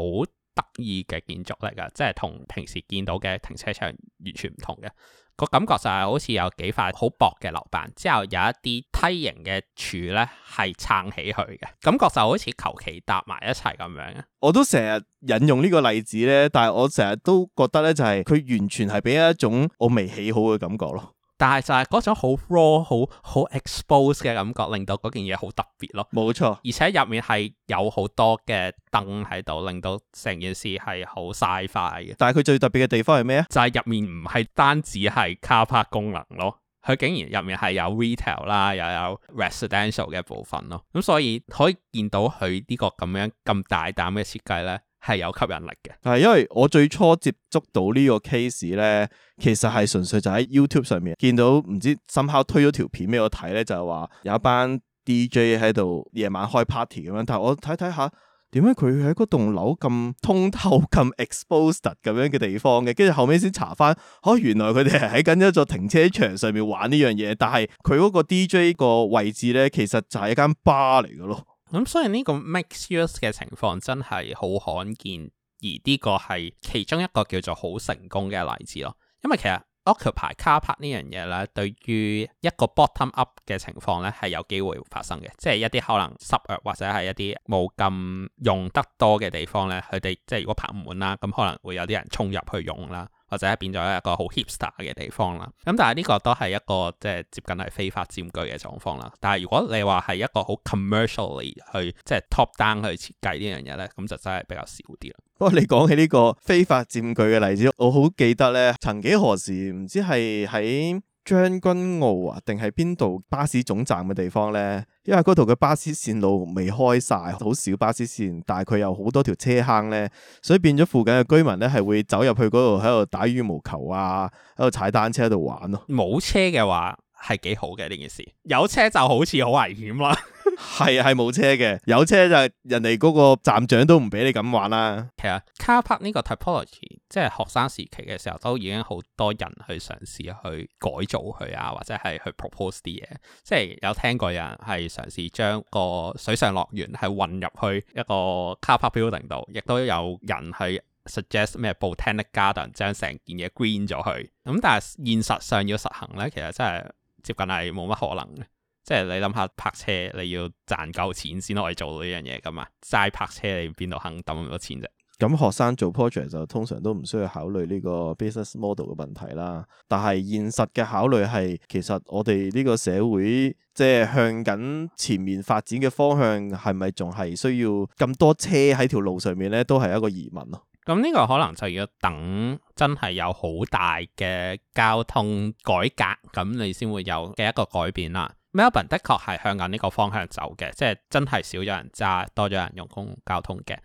得意嘅建築嚟噶，即係同平時見到嘅停車場完全唔同嘅。個感覺就係好似有幾塊好薄嘅樓板，之後有一啲梯形嘅柱咧係撐起佢嘅，感覺就好似求其搭埋一齊咁樣嘅。我都成日引用呢個例子咧，但係我成日都覺得咧就係、是、佢完全係俾一種我未起好嘅感覺咯。但係就係嗰種好 raw 好好 exposed 嘅感覺，令到嗰件嘢好特別咯。冇錯錯，而且入面係有好多嘅燈喺度，令到成件事係好晒快嘅。但係佢最特別嘅地方係咩啊？就係入面唔係單只係 car park 功能，咯，佢竟然入面係有 retail 啦，又有 residential 嘅部分咯。咁所以可以見到佢呢個咁樣咁大膽嘅設計呢，係有吸引力嘅，但係因為我最初接觸到個呢個 case 咧，其實係純粹就喺 YouTube 上面見到唔知深刻推咗條片俾我睇咧，就係、是、話有一班 DJ 喺度夜晚開 party 咁樣，但係我睇睇下點解佢喺嗰棟樓咁通透、咁 exposed 咁樣嘅地方嘅，跟住後尾先查翻，吓，原來佢哋係喺緊一座停車場上面玩呢樣嘢，但係佢嗰個 DJ 個位置咧，其實就係一間 bar 嚟嘅咯。咁所以呢個 mixed use 嘅情況真係好罕見，而呢個係其中一個叫做好成功嘅例子咯。因為其實 occupy car park 呢樣嘢咧，對於一個 bottom up 嘅情況咧，係有機會發生嘅，即係一啲可能失約或者係一啲冇咁用得多嘅地方咧，佢哋即係如果拍唔滿啦，咁可能會有啲人衝入去用啦。或者係變咗一個好 hipster 嘅地方啦，咁但係呢個都係一個即係接近係非法佔據嘅狀況啦。但係如果你話係一個好 commercially 去即係 top down 去設計呢樣嘢咧，咁就真係比較少啲啦。不過、哦、你講起呢個非法佔據嘅例子，我好記得咧，曾幾何時唔知係喺將軍澳啊，定係邊度巴士總站嘅地方呢？因為嗰度嘅巴士綫路未開晒，好少巴士綫，但係佢有好多條車坑呢，所以變咗附近嘅居民呢係會走入去嗰度喺度打羽毛球啊，喺度踩單車喺度玩咯。冇車嘅話係幾好嘅呢件事，有車就好似好危險啦。 係啊，係冇車嘅，有車就係人哋嗰個站長都唔俾你咁玩啦。其實 car park 呢個 typology，即係學生時期嘅時候，都已經好多人去嘗試去改造佢啊，或者係去 propose 啲嘢。即係有聽過人係嘗試將個水上樂園係混入去一個 car park building 度，亦都有人去 suggest 咩 botanic garden，將成件嘢 green 咗去。咁但係現實上要實行呢，其實真係接近係冇乜可能嘅。即係你諗下，泊車你要賺夠錢先可以做到呢樣嘢㗎嘛？齋泊車，你邊度肯抌咁多錢啫？咁學生做 project 就通常都唔需要考慮呢個 business model 嘅問題啦。但係現實嘅考慮係，其實我哋呢個社會即係向緊前面發展嘅方向，係咪仲係需要咁多車喺條路上面咧？都係一個疑問咯。咁呢個可能就要等真係有好大嘅交通改革，咁你先會有嘅一個改變啦。Melbourne 的確係向緊呢個方向走嘅，即係真係少咗人揸，多咗人用公共交通嘅。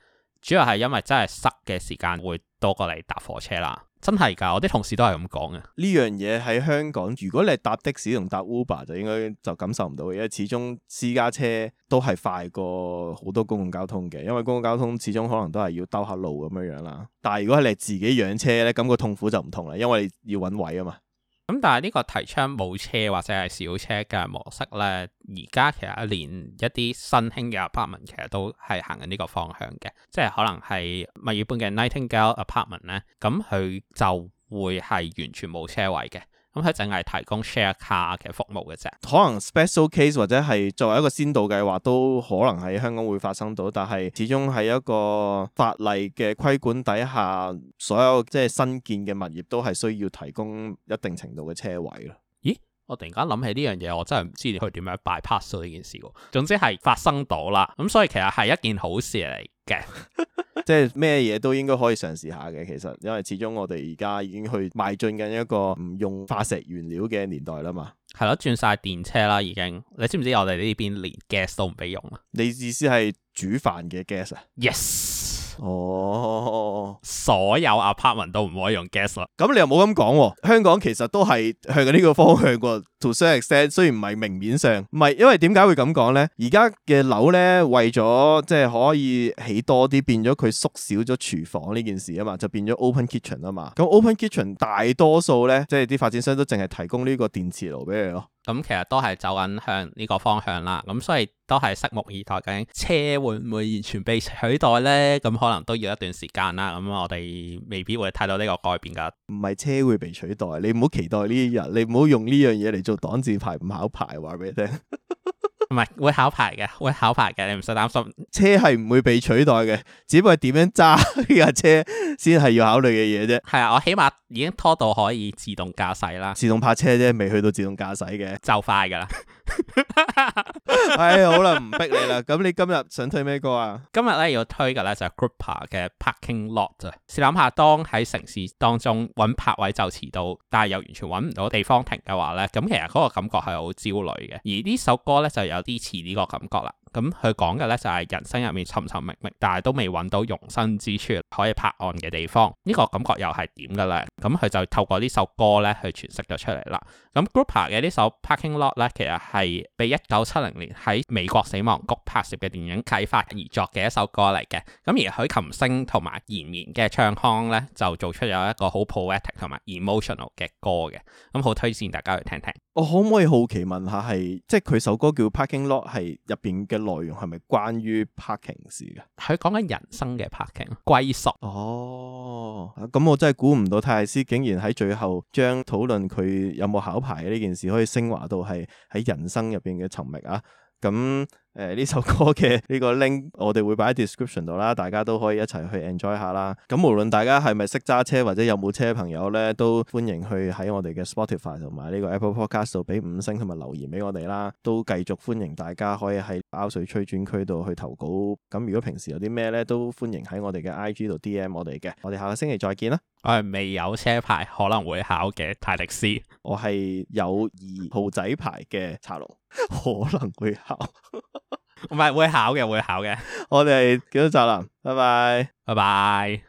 主要係因為真係塞嘅時間會多過嚟搭火車啦。真係㗎，我啲同事都係咁講嘅。呢樣嘢喺香港，如果你搭的士同搭 Uber，就應該就感受唔到，因為始終私家車都係快過好多公共交通嘅。因為公共交通始終可能都係要兜下路咁樣樣啦。但係如果係你自己養車咧，咁個痛苦就唔同啦，因為你要揾位啊嘛。咁但係呢個提倡冇車或者係小車嘅模式呢，而家其實連一啲新興嘅 apartment 其實都係行緊呢個方向嘅，即係可能係墨爾本嘅 Nightingale apartment 呢，咁佢就會係完全冇車位嘅。咁佢淨係提供 share 卡嘅服務嘅啫，可能 special case 或者係作為一個先導計劃都可能喺香港會發生到，但係始終係一個法例嘅規管底下，所有即係新建嘅物業都係需要提供一定程度嘅車位咯。我突然間諗起呢樣嘢，我真係唔知佢點樣 bypass 咗呢件事。總之係發生到啦，咁所以其實係一件好事嚟嘅 即係咩嘢都應該可以嘗試下嘅。其實因為始終我哋而家已經去邁進緊一個唔用化石原料嘅年代啦嘛。係咯，轉晒電車啦，已經。你知唔知我哋呢邊連 gas 都唔俾用啊？你意思係煮飯嘅 gas 啊？Yes。哦，所有 apartment 都唔可以用 gas 啦，咁你又冇咁講，香港其實都係向呢個方向㗎。To some extent, 雖然唔係明面上，唔係因為點解會咁講咧？而家嘅樓咧，為咗即係可以起多啲，變咗佢縮小咗廚房呢件事啊嘛，就變咗 open kitchen 啊嘛。咁 open kitchen 大多數咧，即係啲發展商都淨係提供呢個電磁爐俾你咯。咁其實都係走緊向呢個方向啦。咁所以都係拭目以待，究竟車會唔會完全被取代咧？咁可能都要一段時間啦。咁我哋未必會睇到呢個改變噶。唔係車會被取代，你唔好期待呢一日，你唔好用呢樣嘢嚟。擋字牌唔考牌，話俾你聽，唔係，會考牌嘅，會考牌嘅，你唔使擔心。車係唔會被取代嘅，只不過點樣揸呢架車先係要考慮嘅嘢啫。係啊，我起碼已經拖到可以自動駕駛啦，自動泊車啫，未去到自動駕駛嘅，就快噶啦。 係、 哎、好啦，唔逼你啦。咁你今日想推咩歌啊？今日咧要推嘅咧就係、是、Grouper 嘅 Parking Lot 啊。試諗下，當喺城市當中揾泊位就遲到，但係又完全揾唔到地方停嘅話咧，咁其實嗰個感覺係好焦慮嘅。而呢首歌咧就有啲似呢個感覺啦。咁佢講嘅咧就係人生入面尋尋覓覓，但係都未揾到容身之處可以拍案嘅地方。呢個感覺又係點嘅咧？咁佢就透過呢首歌咧去詮釋咗出嚟啦。咁 Grouper 嘅呢首 Parking Lot 咧，其實係被一九七零年喺美國死亡谷拍攝嘅電影啟發而作嘅一首歌嚟嘅。咁而佢琴聲同埋延綿嘅唱腔咧，就做出咗一個好 poetic 同埋 emotional 嘅歌嘅。咁好推薦大家去聽聽。我可唔可以好奇問下，係即係佢首歌叫 Parking Lot 係入邊嘅？內容係咪關於 parking 事嘅？佢講緊人生嘅 parking 歸宿。哦，咁、嗯嗯、我真係估唔到泰藝師竟然喺最後將討論佢有冇考牌呢件事，可以升華到係喺人生入邊嘅尋覓啊！咁、嗯。誒，呢、欸、首歌嘅呢個 link，我哋會擺喺 description 度啦，大家都可以一齊去 enjoy 下啦。咁無論大家係咪識揸車或者有冇車朋友咧，都歡迎去喺我哋嘅 Spotify 同埋呢個 Apple Podcast 度俾五星同埋留言俾我哋啦。都繼續歡迎大家可以喺包水吹轉區度去投稿。咁如果平時有啲咩咧，都歡迎喺我哋嘅 IG 度 DM 我哋嘅。我哋下個星期再見啦。我係未有車牌，可能會考嘅泰迪斯。我係有二號仔牌嘅茶龍，可能會考。 唔係 會考嘅，會考嘅。 我哋幾多集啦，拜拜， 拜拜。